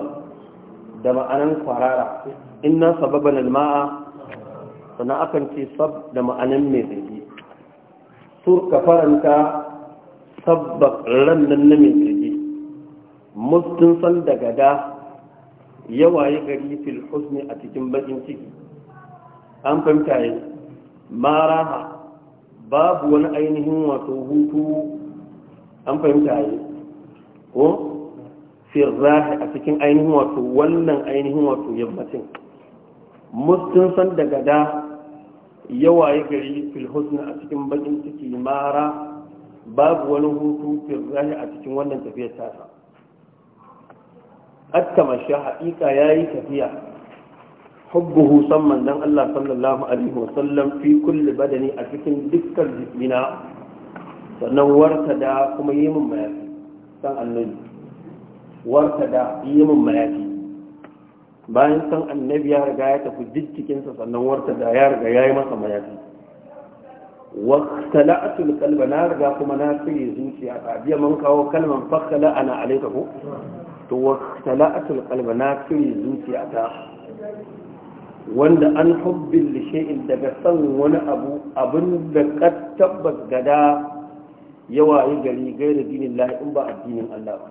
da ma'anan kwarara inna sababan alma'a sannan akan ce sab da ma'anan mai zai sur ka faranta sabba rannan nan na mai jirgi mustin san da yawa ya gari fil husni a cikin bakin ciki an fahimta yi maraha babu wani ainihin wato hutu an fahimta yi ko firrahi a cikin ainihin wato wannan ainihin wato yammacin mustin san daga da yawa ya gari fil husni a cikin bakin ciki mara babu wani hutu firrahi a cikin wannan tafiyar tasa akkama shi haƙiƙa ya tafiya hubbuhu san manzon Allah sallallahu alaihi wa sallam fi kulli badani a cikin dukkan jikina sannan warta da kuma yi min mayafi san annabi warta da yi mayafi bayan san annabi ya riga ya tafi sa sannan warta da ya riga ya yi masa mayafi واختلعت القلب نار جاكم انا في زوجي ابي من كاو fakala فخلا alaika عليك هو تو واختلعت القلب نار في زوجي اتا wanda an hubbin lishe'in daga san wani abu abin da ka tabbas gada yawa yi gari gaira dinin lahi in ba addinin Allah ba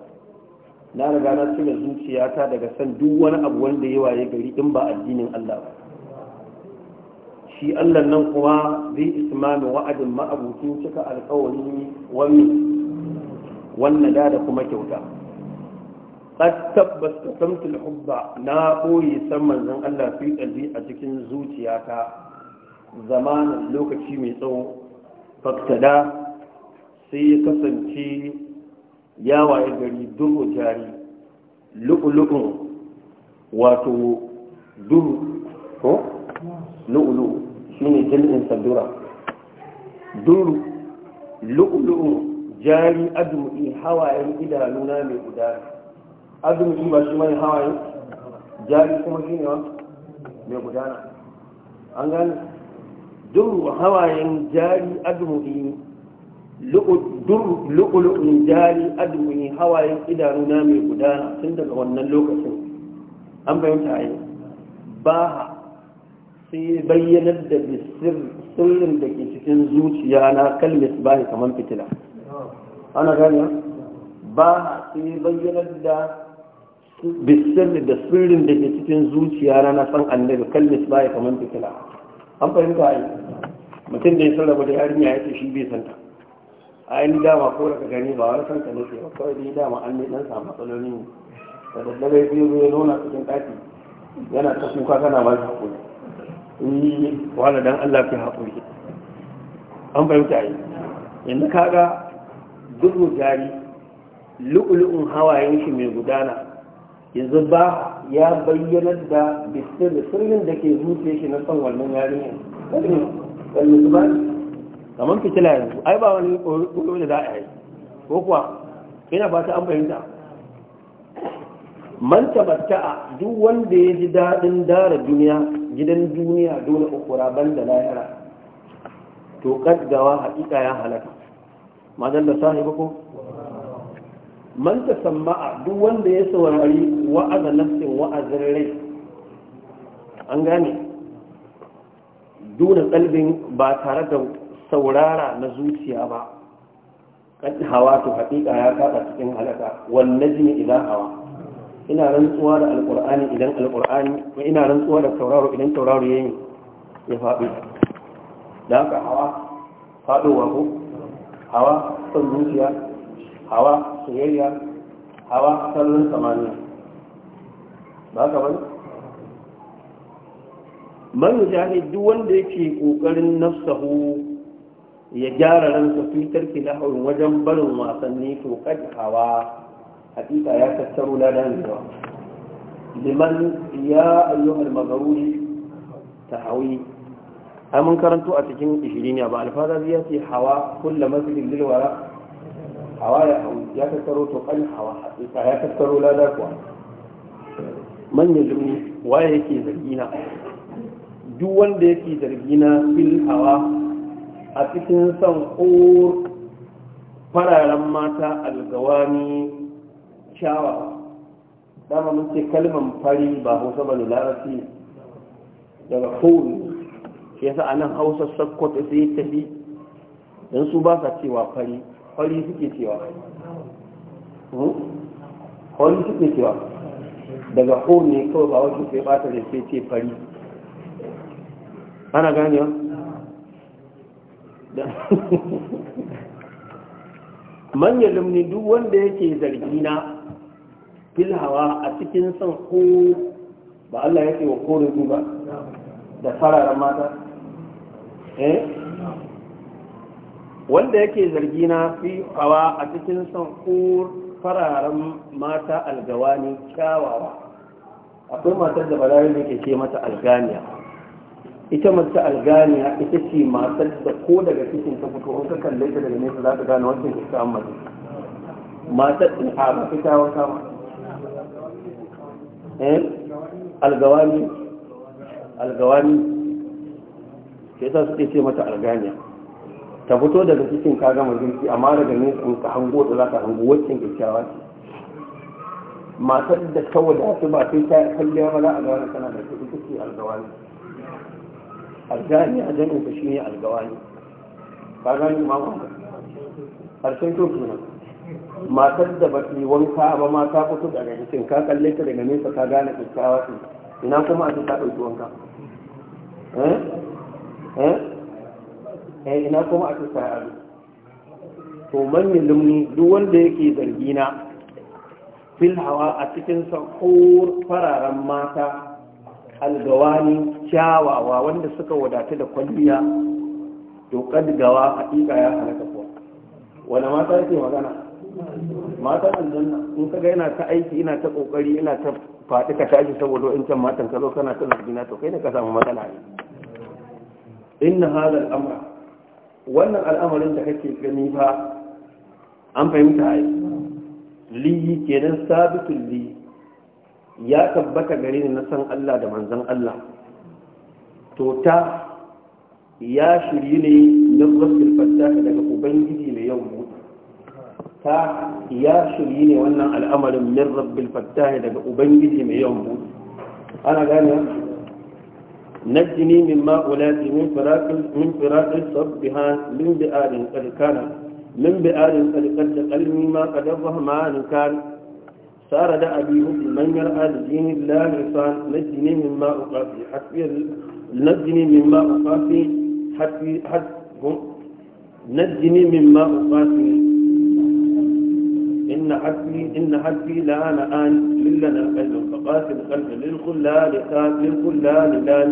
na riga na cire zuciyata daga san duk wani abu wanda yawa yi gari in ba addinin Allah ba shi Allah nan kuma zai ismami wa'adin ma'abucin cika alkawari wani wannan da da kuma kyauta qad tabbas qasamtu al-hubba na ɓoye san manzon Allah fi qalbi a cikin zuciyata zamanin lokaci mai tsawo faktada sai ya kasance ya waye gari duhu jari lu'lu'un wato duhu ko lu'lu'u shine jami'in sandura duru lu'lu'u jari adumi hawayen idanuna mai guda adumi ba shi mai hawayen jari kuma shi ne wa mai gudana an gane duru hawayen jari adumi lu'lu'un jari adumi hawayen idanuna mai gudana tun daga wannan lokacin an fahimta a yi ba sai bayyanar da sirrin da ke cikin zuciya na kalmis ba ya kamar fitila ana gani ba sai bayyanar da bisirri da sirrin da ke cikin zuciya na na san annabi kalmis ba ya kamar fitila an fahimta a yi mutum da ya sarrafa da yarinya ya ce shi bai santa a yi dama ko daga gani ba wani santa ne ke ba kawai da dama an ne dan samu matsaloli ne da daddare biyu biyu nuna cikin ɗaki yana ta kuka kana ba shi hakuri yi eh, wala dan Allah fi haƙuri an fahimta yi yanzu kaga duk jari lu'ulu'un hawayen shi mai gudana yanzu ba ya bayyana da bisir da sirrin da ke zuciya shi na son wannan yarinyar wani zuba kamar fitila yanzu ai ba wani koyo da za a yi ko kuwa ina ba ta an fahimta man tamatta'a duk wanda ya ji daɗin dara duniya gidan duniya dole ukura da lahira to kaddawa haƙiƙa ya halaka madan da sahibi ko man tasamma'a duk wanda ya saurari wa'aza nafsin wa'azin rai an gane duna kalbin ba tare da saurara na zuciya ba kan hawa to haƙiƙa ya kaɗa cikin halaka wannan jini idan hawa ina rantsuwa da alƙur'ani idan alƙur'ani ko ina rantsuwa da tauraro idan tauraro ya yi ya faɗo da haka hawa faɗowa ko hawa son zuciya hawa soyayya hawa sallin samaniya ba ka bane man jahid duk wanda yake kokarin nafsahu ya gyara ransa fitar kilahun wajen barin wasanni to kad hawa hakika ya tattaro da zuwa liman ya ayyuhal magaruri ta hawi ai mun karanto a cikin ishiriniya ba alfazazi ya ce hawa kulla masjidin lilwara hawa ya hawi ya tattaro to kan hawa hakika ya tattaro lada kuwa manyan zumi waye yake zargina duk wanda yake zargina fil hawa a cikin son ƙor fararen mata algawani kyakkyawa dama mun ce kalmar fari ba hausa ba ne larabci daga kowun shi yasa a nan hausa sakkwata sai tafi don su ba sa cewa fari fari suke cewa hmm? fari suke cewa daga kowun ne kawai ba wajen sai ta da ke ce fari ana wa manyan yalumni duk wanda yake zargina filhawa a cikin son ko ba Allah ya ce wa kore ba da fararen mata eh wanda yake zargi na fi hawa a cikin son ko fararen mata ne kyawawa akwai matar da balari da ke ce mata alganiya ita mata alganiya ita ce matar da ko daga cikin ta fito in ka kalle ta daga nesa za ta gane wancan ta mace matar din a ba ta Eh? algawani algawani ke sa suke ce mata algania ta fito daga cikin kaga mazinki amma daga nesa in ka hango da za ka hango waccan kyakkyawa ce matar da da su ba sai ta kalli ya za a gawa tana da kuɗi take algawani algania a jami'in ka ne. algawani ka gani ma ba harshen kyau kenan matar da ba ta yi wanka ba ma ta fito daga cikin ka kalle ta daga nesa ka gane kyakkyawa ce ina kuma a ce ta ɗauki wanka eh, eh? eh ina kuma a ce ta yi to man lumni duk wanda yake zargina fil hawa a cikin sakur fararen mata algawani kyawawa wanda suka wadata da kwalliya to kadgawa hakika ya halaka kuwa wani mata yake magana matan nan, in kaga yana ta aiki ina ta kokari ina ta faɗi ka tashi saboda wancan matan ka zo kana ta zargina to kai ne ka samu matsala ne inna hada al'amura. wannan al'amarin da kake gani fa an fahimta yi liyi kenan sabitin liyi ya tabbata gare ni na san Allah da manzan Allah to ta ya shiri ne na rasul fattah daga ubangiji mai yau ta ya shirye ne wannan al'amarin min rabbil fattahi daga ubangiji mai yawan buɗe ana gane najjini min ma'ulati min firaqil min firaqil sabbihan min bi'arin qalkana min bi'arin qalqad da qalmi ma qad rahman kan sara da abi man yar'a dinin la lisan najjini min ma'uqafi hasbi najjini min ma'uqafi hasbi najjini min ma'uqafi إن حسبي إن حسبي لا لآن للنا قلب فقاتل قلب للخلال للخلال لال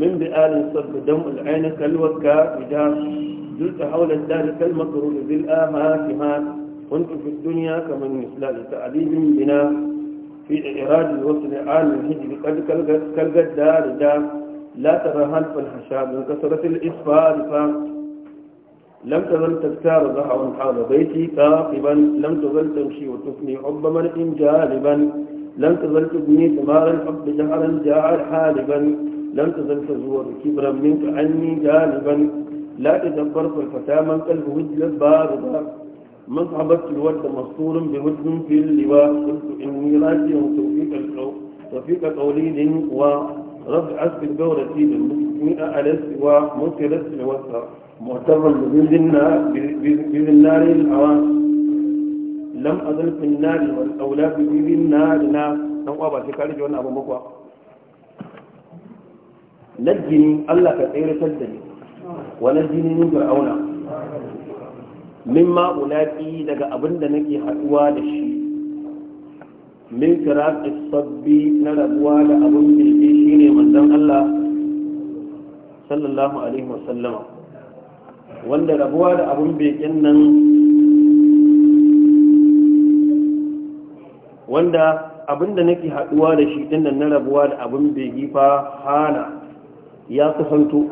من بآل صب دم العين كالوكا بجار جلت حول الدار كالمكروه الآهات مات كنت في الدنيا كمن مثل لتعذيب بنا في إعراج الوصل عن الهجر قد كالقدار دار لا ترى هلف الحشاب من كثرة الإصفار فاق لم تزل تذكار ذهبا حال بيتي ثاقبا لم تزل تمشي وتفني حب مرء جالبا لم تزل تبني ثمار الحب جهرا جاعل حالبا لم تزل تزور كبرا منك عني جالبا لا تدبرت الفتاة من قلبه وجلا باردا من صحبت الود مصطور بوجه في اللواء قلت اني راجي وتوفيق القول توفيق قولي ورفعت في الدورة بالمسلمين على السوى مسكرت الوسط معتبر بذي النار الأوان lam azal fin nari wal aula bi bibin nari na dan uwa ba sai ka rike wannan abin bakwa najjini Allah ka tsiratar da ni wa najjini min fir'auna mimma daga abin da nake haɗuwa da shi min firaq sabbi na rabuwa da abin da shine manzon Allah sallallahu wanda rabuwa da abin bekin nan wanda da nake haduwa da shi din nan rabuwa da abin begi fa hana ya kusanto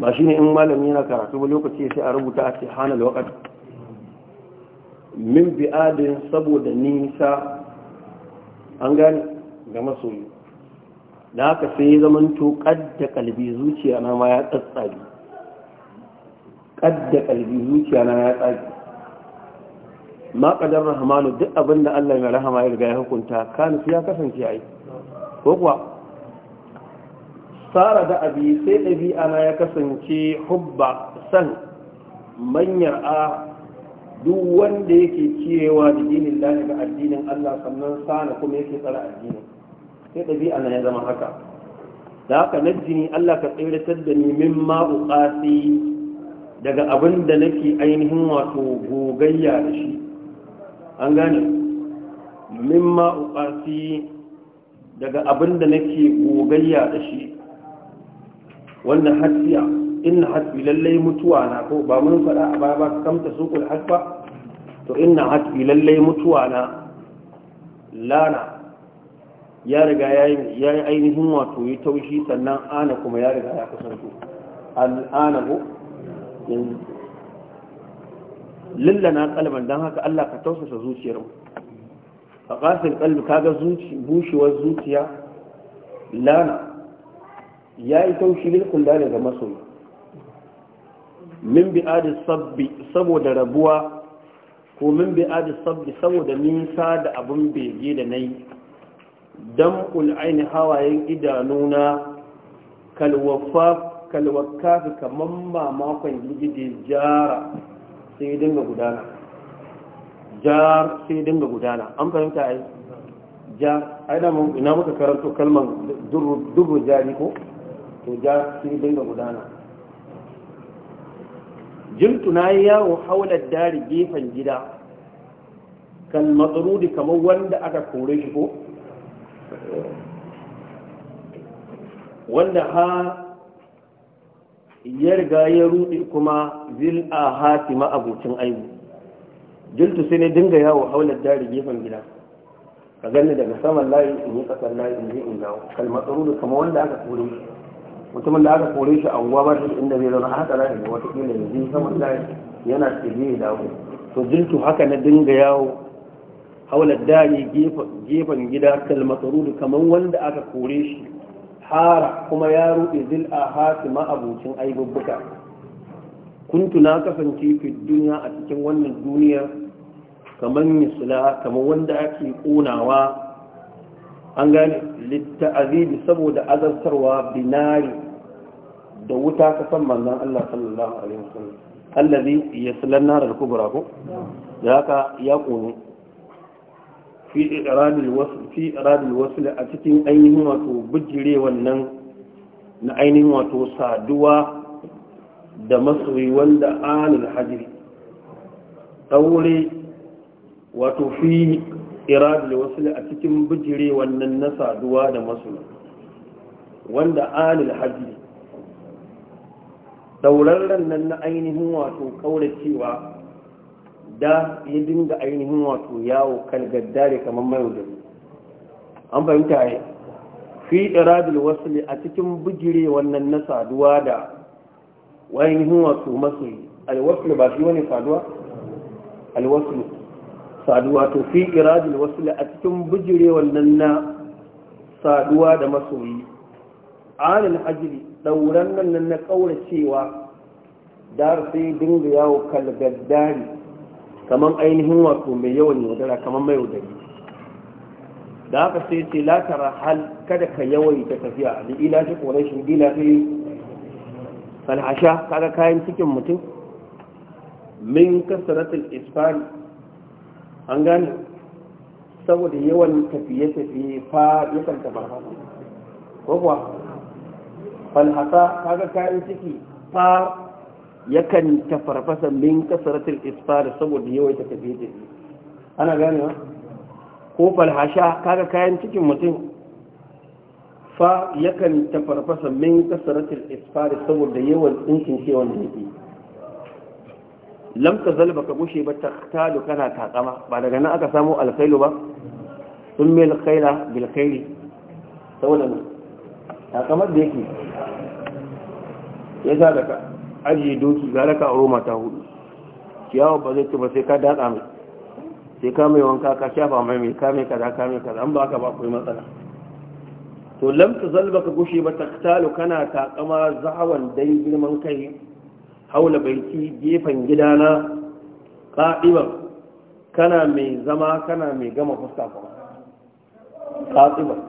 ba ne in malami yana karatu ba lokaci sai a rubuta a ce hana wakati min bi'adin saboda nisa an gane ga masoyi da haka sai zamanto kadda kalbi zuciya na ma ya tsatsari kadda kalbi zuciya na ya tsaki ma kadar rahmanu duk abinda da Allah mai rahama ya riga ya hukunta kan ya kasance ai ko kuwa sara da abi sai ɗabi'a na ya kasance hubba san manyar a duk wanda yake cirewa da dinin lahi ga addinin Allah sannan sana kuma yake tsara addinin sai ɗabi'a na ya zama haka da haka najjini Allah ka tsiratar da ni min ma'uƙasi daga abin da nake ainihin wato gogayya da shi an gane mimma uqasi daga abin da nake gogayya da shi wannan hasiya inna hatsi lallai mutuwa na ko ba mun faɗa a baya ba kamta sukul hasba to inna hatsi lallai mutuwa na lana ya riga ya yi ainihin wato yi taushi sannan ana kuma ya riga ya kusanto al'ana ko yanzu na kalban don haka Allah ka tausasa zuciyar mu a ƙasar kalbi kaga bushewar zuciya lana ya yi taushi lilkun da daga masoyi min bi'adi sabbi saboda rabuwa ko min bi'adi sabbi saboda nisa da abin bege da nayi dam ul aini hawayen idanuna kalwafaf kalwakafi kamar mamakon girgije jara sai ya dinga gudana jar sai ya dinga gudana an fahimta ai jar ai da mun ina muka karanto kalman dubu jari ko to jar sai ya dinga gudana jiltu na yi yawo haular dari gefen gida kan matsarudi kamar wanda aka kore shi ko wanda ha yarga ya ruɗe kuma zil a hati ma'abucin aibu jiltu sai ne dinga yawo haular jari gefen gida ka gani daga saman layi in yi kasar layi in je in dawo kalmatsaru da kama wanda aka kore shi mutumin da aka kore shi a unguwa ba shi inda zai zauna haka layi da wata kila yanzu saman layi yana tsaye ya dawo to jiltu haka na dinga yawo haular dari gefen gida kalmatsaru da kamar wanda aka kore shi hara kuma ya ruɗe zil a hati ma'abucin aibubbuka kuntu na kasance fi duniya a cikin wannan duniya kamar misla kamar wanda ake ƙonawa an gane litta'azibi saboda azartarwa binari da wuta ta san manzan Allah sallallahu alaihi wasallam allazi yaslan nar kubra ko da haka ya ƙone fi iradul wasu a cikin ainihin wato bijire wannan na ainihin wato saduwa da masoyi wanda anil hajiri ɗaure wato fi iradul wasu a cikin bijire wannan na saduwa da masoyi wanda anil hajiri ɗaurarren nan na ainihin wato ƙauracewa da ya dinga ainihin wato yawo kan gaddare kamar mai wudari an fahimta ya fi iradul wasli a cikin bugire wannan na saduwa da ainihin wato masoyi alwaslu ba shi wani saduwa alwaslu saduwa to fi iradul wasli a cikin bugire wannan na saduwa da masoyi alal hajji dauran nan na kaura cewa dar sai dinga yawo kalgaddari kamar ainihin wato mai yawan yaudara kamar mai yaudari da haka sai ce la tara hal kada ka yawaita tafiya da ila shi koran shi ila sai falhasha kaga kayan cikin mutum min kasratul isfar an gane saboda yawan tafiye tafiye fa yakan taba ko kuwa falhasa kaga kayan ciki fa yakan tafarfasa min kasaratul isfar saboda yawaita tafiye tafiye ana gane wa ko falhasha kaga kayan cikin mutum fa yakan tafarfasa min kasaratul isfar saboda yawan tsinkin cewan da yake lam zalba baka gushe ba ta talu kana takama ba daga nan aka samu alkhailu ba sun mil khaila bil khairi saboda takamar da yake ya sa da ka ajiye doki gara ka aro mata hudu ciyawa ba zai ci ba sai ka datsa mai sai ka mai wanka ka shafa mai mai ka mai kaza ka mai kaza an ba ka ba kuwa matsala to lamta zalba ka gushe ba talo kana takama zahawan dai girman kai haula baiti gefen gidana ka'iban kana mai zama kana mai gama fuska kuma katsiban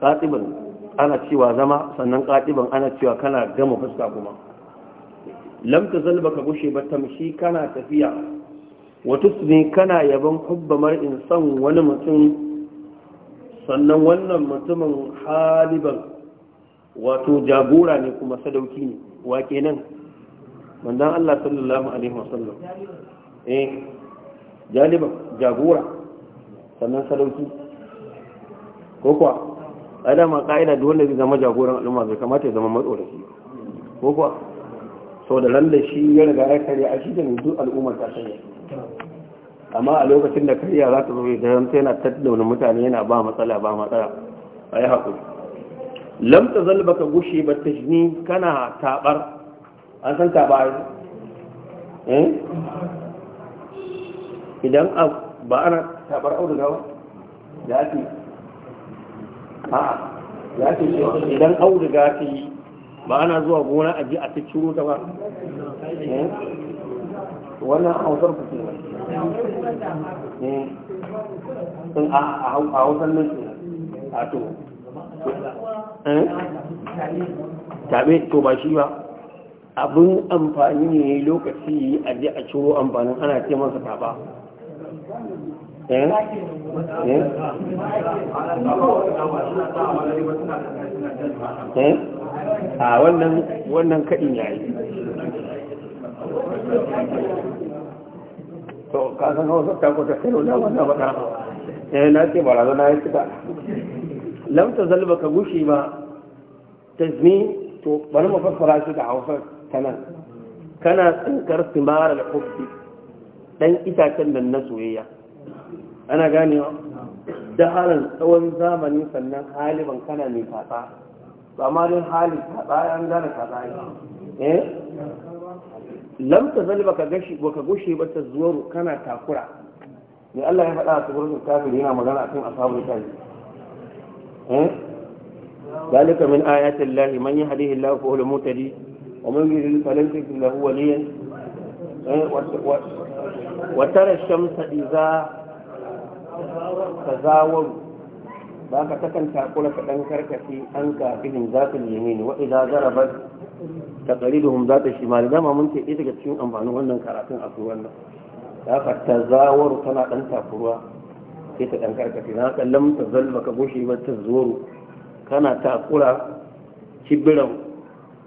katsiban ana cewa zama sannan katsiban ana cewa kana gama fuska kuma lam tazal ka gushe ba tamshi kana tafiya wa tusmi kana yaban hubba mar'in san wani mutum sannan wannan mutumin haliban wato jagora ne kuma sadauki ne wa kenan manzon Allah sallallahu alaihi wasallam eh jaliban jagora sannan sadauki ko kuwa adama ka'ida dole zai zama jagoran al'umma zai kamata ya zama matsoraci ko kuwa to da ran da shi ya riga ya karya a shi da duk al'ummar ta sanya amma a lokacin da karya za ta zo da ran yana tattauna mutane yana ba matsala ba matsala a yi haƙuri lam ta zalba ka gushe ba ta jini kana taɓar an san taɓa yi eh? idan ba ana taɓar auri gawa. Ya ce. a ya ce idan ga ta yi ba ana zuwa gona a ji a ta ciro ta ba eh? wannan hausar ku ce eh? a hausar nan ce a to eh? tabe to ba shi ba abin amfani ne lokaci a ji a ciro amfanin ana ce masa taba eh a wannan wannan kaɗin ya yi to kasan ko ta kai nuna wannan ba ta eh na ce barazana ya cika lamta zalba ka gushi ba tazmi to bari mu fassara shi da hausa kana kana tsinkar timar da kofi dan itacen da na soyayya ana ganewa da halin tsawon zamani sannan haliban kana mai fata to amma dai hali kaza an gane kaza eh lam tazal baka gashi baka gushe ba ta zuwaru kana takura ne Allah ya faɗa a cikin kafir yana magana akan ashabul kahfi eh ذلك من آيات الله من يهديه الله فهو المهتدي ومن يضلل فلن تجد له وليا وترى الشمس إذا تزاور baka takanta takan takura ka ɗan karkace an kafin zatul yamin wa idza zarabat zarabar ta ƙari da ma mun ce daga cikin amfanin wannan karatun a su wannan da ka tazawaru zawaru tana ɗan takuruwa sai ta ɗan karkace na kallon ta zalba ka bushe ba ta zoro kana takura kibiran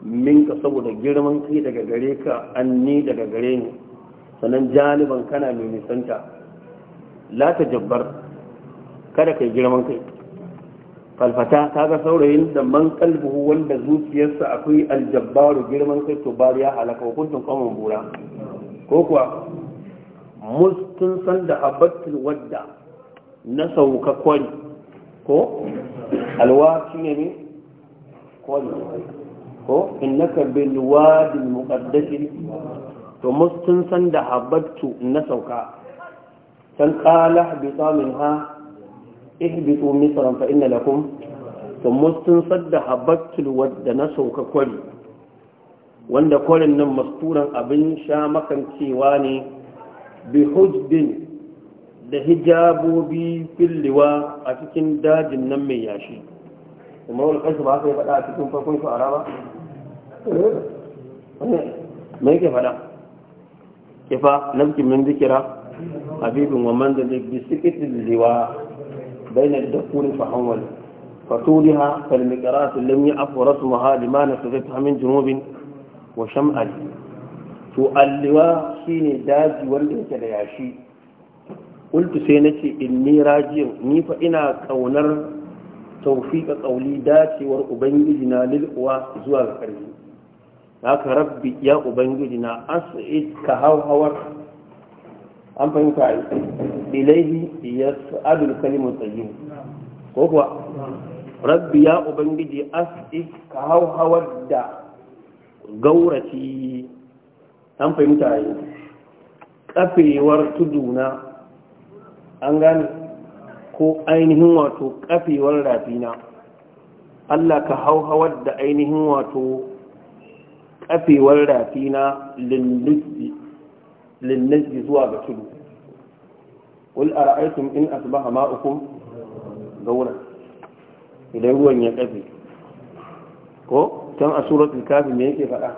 minka saboda girman kai daga gare ka an ni daga gare ni sannan janiban kana mai nisanta la ta jabbar kada kai girman kai Kalfata ta ga saurayin da man kalbuhu wanda zuciyarsa akwai aljabbaru girman kai to bari ya halaka hukuntun kwamon bura ko kuwa mustun san da habbatul wadda na sauka kwari ko alwa shi ne ne kwari ko innaka bil wadi muqaddasi to mustun san da habbattu na sauka san qala bi minha ihbitu misran fa inna lakum kuma sadda habattul wadda na sauka kwari wanda kwarin nan masturan abin sha makancewa ne bi hujbin da hijabobi filliwa a cikin dajin nan mai yashi kuma wani kashi ba ka yi faɗa a cikin farkon su a rama? mai ke faɗa kifa nafkin min zikira habibin wa man da bi sikitin liwa بين الدكور فحول فطولها كالمقراس لم يعف رسمها لما نسبتها من جنوب وشمال to alliwa shine daji wanda yake da yashi ultu sai nace inni rajiyin ni fa ina kaunar tawfiqa qawli dacewar ubangiji na lil zuwa ga karfi haka rabbi ya ubangiji na as'id ka hauhawar. an fahimta ai ilaihi yas'adul kalimu tayyib ko kuwa rabbi ya ubangiji as'ik ka hauhawar da gaurati an fahimta ai kafewar tuduna an gane ko ainihin wato kafewar rafina Allah ka hauhawar da ainihin wato kafewar rafina lullubi linnajdi zuwa ga tudu qul ara'aytum in asbaha ma'ukum gauran idan ruwan ya kafe ko can a suratul kafi me yake faɗa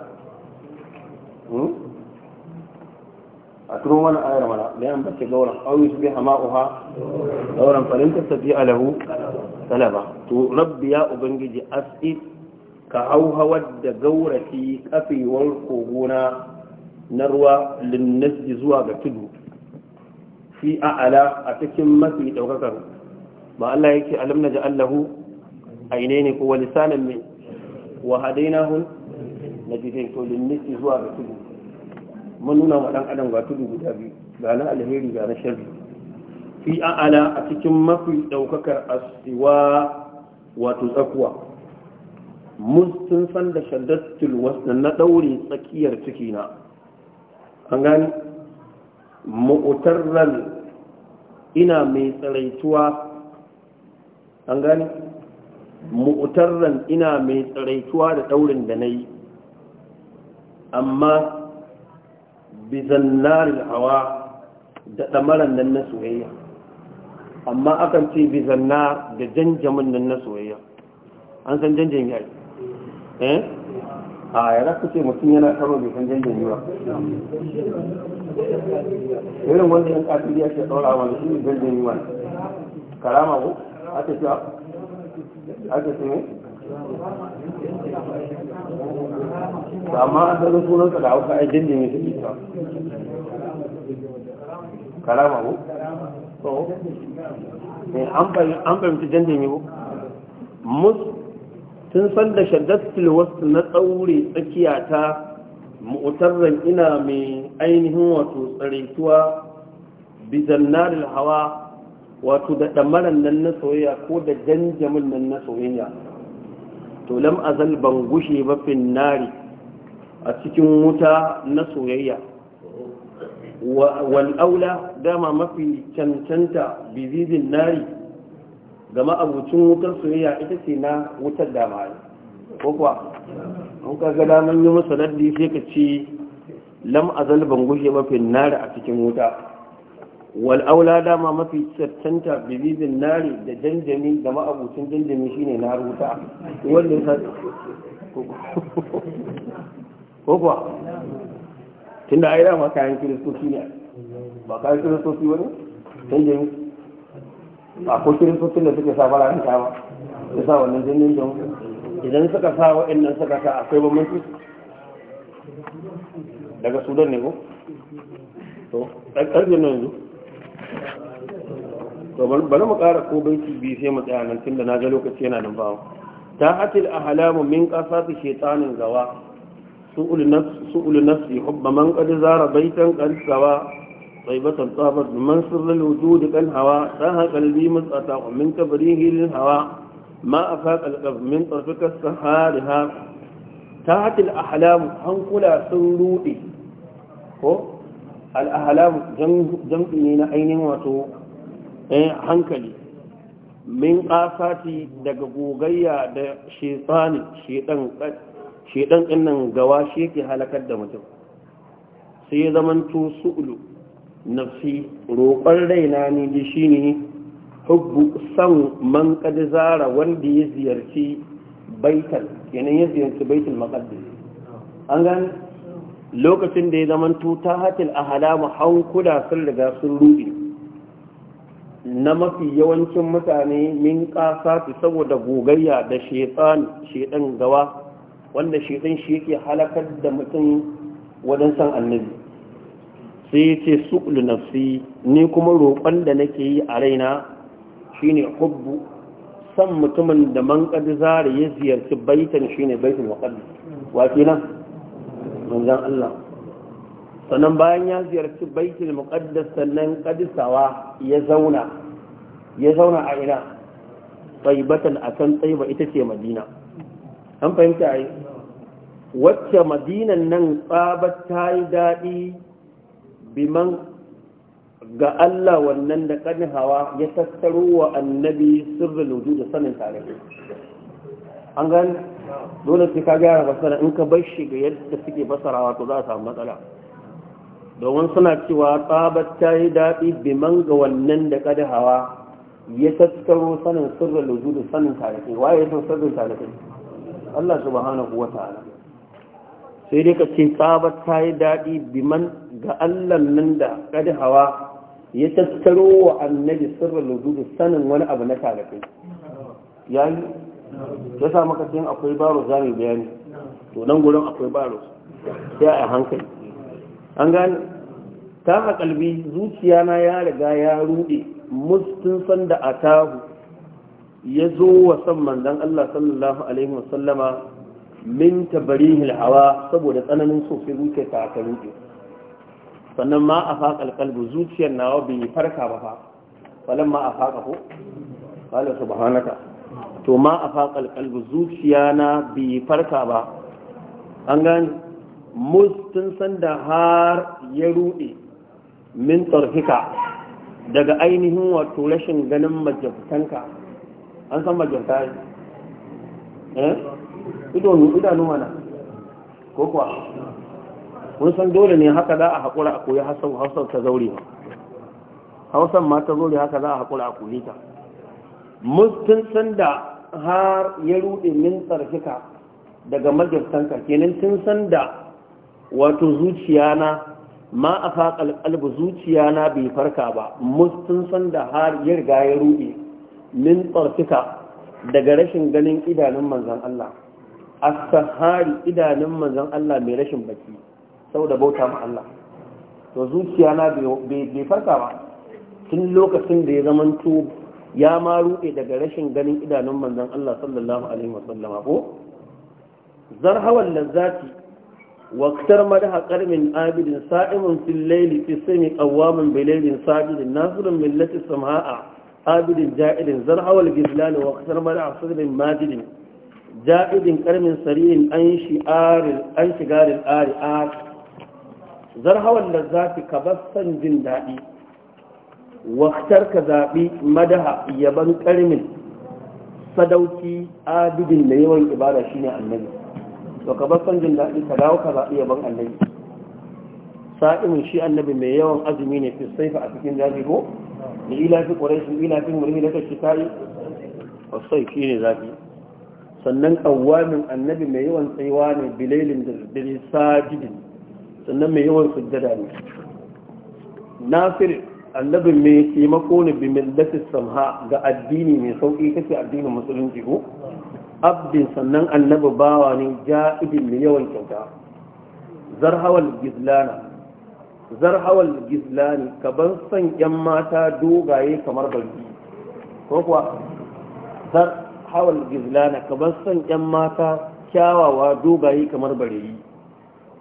a turo mana ayar mana da yan bace gauran aw yusbi hama'uha gauran falin tastafi alahu talaba to rabbi ya ubangiji as'id ka hauhawar da gaurati kafewar kogona na ruwa linnasi zuwa ga tudu fi a'ala a cikin mafi daukakar ba Allah yake alam na ja'allahu ne ko wani sanan mai wa na najidin to linnasi zuwa ga tudu mun nuna wa dan adam ga tudu guda biyu ga na alheri ga na sharri fi a'ala a cikin mafi daukakar asiwa wato tsakuwa mun sun san da shaddatul wasna na daure tsakiyar na an gani mu'tarran ina mai tsaraituwa an gani mu'tarran ina mai tsaraituwa da daurin da nayi amma bizannarin hawa da ɗamaran nan na soyayya amma akan ce bizannar da janjamin nan na soyayya an san janjamin yari eh a ya za ku ce mutum yana karo mai kan janjan ba irin wanda yan kafin ya ke ɗora wani shi ne janjan yiwa karama ko ake ce ake ce ne amma an sunan sunansa da hauka ai janjan ya suke ta karama ko so eh, an fahimci janjan yiwa mus tun san da shaddatul wasu na tsaure tsakiya ta mu'tarran ina mai ainihin wato tsaretuwa bizannaril hawa wato da damaran nan na soyayya ko da janjamin nan na soyayya to lam azal ban gushe ba finnari a cikin wuta na soyayya wal aula dama mafi cancanta bizizin nari gama abucin wutar soyayya ita ce na wutar dama ko kuwa an ka ga daman yi masa laddi sai ka ce lam azal ban gushe mafi nari a cikin wuta wal aula dama mafi cancanta bibibin nari da janjami da ma'abucin janjami shine na wuta wanda sa ko kuwa tunda ai dama kayan kiristoci ne ba kayan kiristoci wani janjami ba ko kiristocin da suke sa fararen ta ba ya sa wannan jinin don idan suka sa wa'annan suka sa akwai bambanci daga sudan ne ko to ɗan ƙarfe na yanzu to bari mu ƙara ko baiti biyu sai mu tsaya nan tunda na ga lokaci yana nan bawo ta hatil ahlamu min su shetanin gawa su'ul nafs su'ul nafsi hubba man qad zara baitan qad gawa. tsaibatar tsabar domin sirrin wuju da kan hawa ta hankali bi mun tsata min kabari hawa ma a faƙa alƙaf min tsarfikar sahari ha ta hatil ahalamu hankula sun rudi ko al'ahalamu jamfi ne na ainihin wato hankali min ƙasati daga gogayya da shetani shedan ɗin nan gawa shi halakar da mutum sai ya zama su'ulu nafsi roƙon raina ne da shi ne hubbu san man kad zara wanda ya ziyarci baitar kenan ya ziyarci baitul maqaddis an gan lokacin da ya zama tuta hatil ahalamu hankula sun riga sun rudi na mafi yawancin mutane min ƙasa saboda gogayya da shetan gawa wanda shetan shi yake halakar da mutum wajen san annabi sai ce su ulunafsi ni kuma roƙon da nake yi a raina shine hubbu san mutumin da man ƙadu zara ya ziyarci baitan shine baitan waƙadu wa nan, manzon Allah sannan bayan ya ziyarci baitan waƙadu sannan ƙadisawa ya zauna ya zauna a ina taibatan akan ba ita ce madina an fahimta yi wacce madinan nan tsabar ta yi daɗi biman ga Allah wannan da ƙarni hawa ya tattaro wa annabi sirrin wudu da sanin tare an gan dole sai ka gyara fasara in ka bar shi ga yadda suke fasarawa to za a samu matsala domin suna cewa tsabar ta yi daɗi biman ga wannan da ƙarni hawa ya tattaro sanin sirrin wudu da sanin tare waye ya san sirrin tare Allah subhanahu wa ta'ala sai dai ka ce tsabar ta yi daɗi biman ga allan nan da ƙadi hawa ya tattaro wa annabi sirrin lubudu sanin wani abu na talafi ya yi ya sa maka sayan akwai baro za mu bayani to nan gudun akwai baro sai a hankali an gane ta a kalbi zuciya na ya riga ya rude mustin san da tahu ya zo wa san don Allah sallallahu alaihi wasallama min tabarihil hawa saboda tsananin so sai zuciyar ta aka rufe sannan ma a faƙa kalbu zuciyar nawa bai farka ba fa falon ma a faƙa ko qala subhanaka to ma a faƙa kalbu zuciya na bai farka ba an gani mus tun san har ya ruɗe min tarfika daga ainihin wato rashin ganin majabtanka an san majabta eh idanu idanu mana ko kuwa mun san dole ne haka za a haƙura a koyi hausar ta zaure ba hausar ma ta zaure haka za a haƙura a koyi ta mun san da har ya ruɗe min tsarfika daga magabtanka kenan tun san da wato zuciya na ma a faƙal ƙalbi na bai farka ba mun san da har ya riga ya ruɗe min tsarfika daga rashin ganin idanun manzan Allah asahari idanun manzon Allah mai rashin baki saboda bauta ma Allah to zuciya na bai farka ba tun lokacin da ya zamanto ya ma ruɗe daga rashin ganin idanun manzon Allah sallallahu alaihi wasallam ko zar zarhawan lazzati waktar madaha karmin abidin sa'imun fil layli fi sami qawamin bil laylin sa'idin nasrun millati sama'a abidin ja'ilin zarhawal gizlan waktar madaha sadrin majidin ja'idin karmin saririn an shi'arin an shigarin ari a hawan da zafi ka bar san jin daɗi waktar ka zaɓi madaha yaban karmin sadauki adidin da yawan ibada shine annabi to ka bar san jin daɗi ka dawo ka zaɓi yaban annabi sa'imin shi annabi mai yawan azumi ne fi saifa a cikin daji ko da ilafi fi ƙwarai shi ila fi murmi da kashi ta'i wasai shi ne zafi sannan kawamin annabi mai yawan tsayuwa ne bilailin da dare sajidin sannan mai yawan sujjada ne nasir annabi mai taimako ne bi millati samha ga addini mai sauki kace addinin musulunci ko abdin sannan annabi bawa ne ja'idin mai yawan kyauta zarhawal gizlana zarhawal gizlani kaban son yan mata dogaye kamar balbi ko kuwa zar hawal gizlana kamar san yan mata kyawawa dogayi kamar bareyi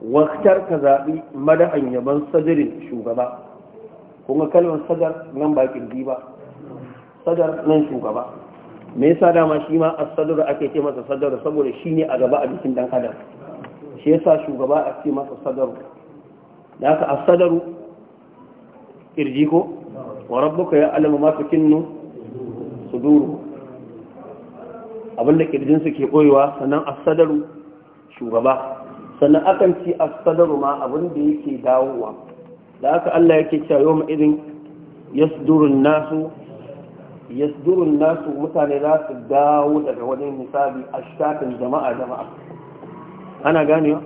wakitar ka zaɓi mada'an yaban sadarin shugaba kuma kalmar sadar nan ba kirji ba sadar nan shugaba me yasa dama shi ma a ake ce masa sadar saboda shi ne a gaba a jikin dan adam shi yasa shugaba a ce masa sadar da aka as-sadr ko wa rabbuka ya alama ma tukinnu suduru abinda kirjinsu ke koyewa sannan asadaru shugaba sannan akan ci a asadaru ma abinda yake dawowa da aka Allah yake cewa yau irin yasdurun nasu mutane za su dawo daga wajen hisabi a shafin jama'a jama'a ana ganewa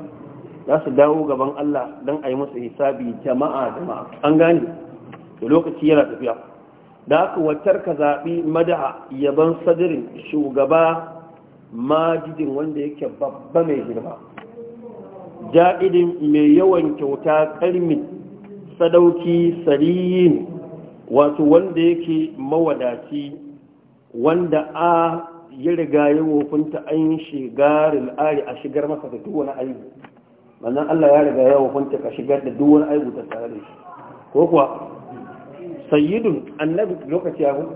za su dawo gaban Allah don a yi musu hisabi jama'a jama'a an gane da lokaci yana tafiya da haka wacce ka zaɓi madaha yaban sadirin shugaba majidin wanda yake babba mai girma ja'idin mai yawan kyauta ƙarmin sadauki sariyin wato wanda yake mawadaci wanda a ya riga ya wofinta an shigarin ari a shigar masa da duk wani aibu wannan Allah ya riga ya wofinta ka shigar da duk wani aibu ta tare da shi ko kuwa sayyidun annabi lokaci ya hudu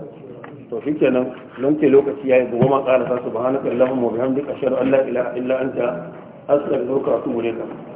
to shi kenan nan ke lokaci ya yi gobe ma ƙarasa subhanaka allahumma mu bihamdika ashhadu an la ilaha illa anta astaghfiruka wa atubu ilayk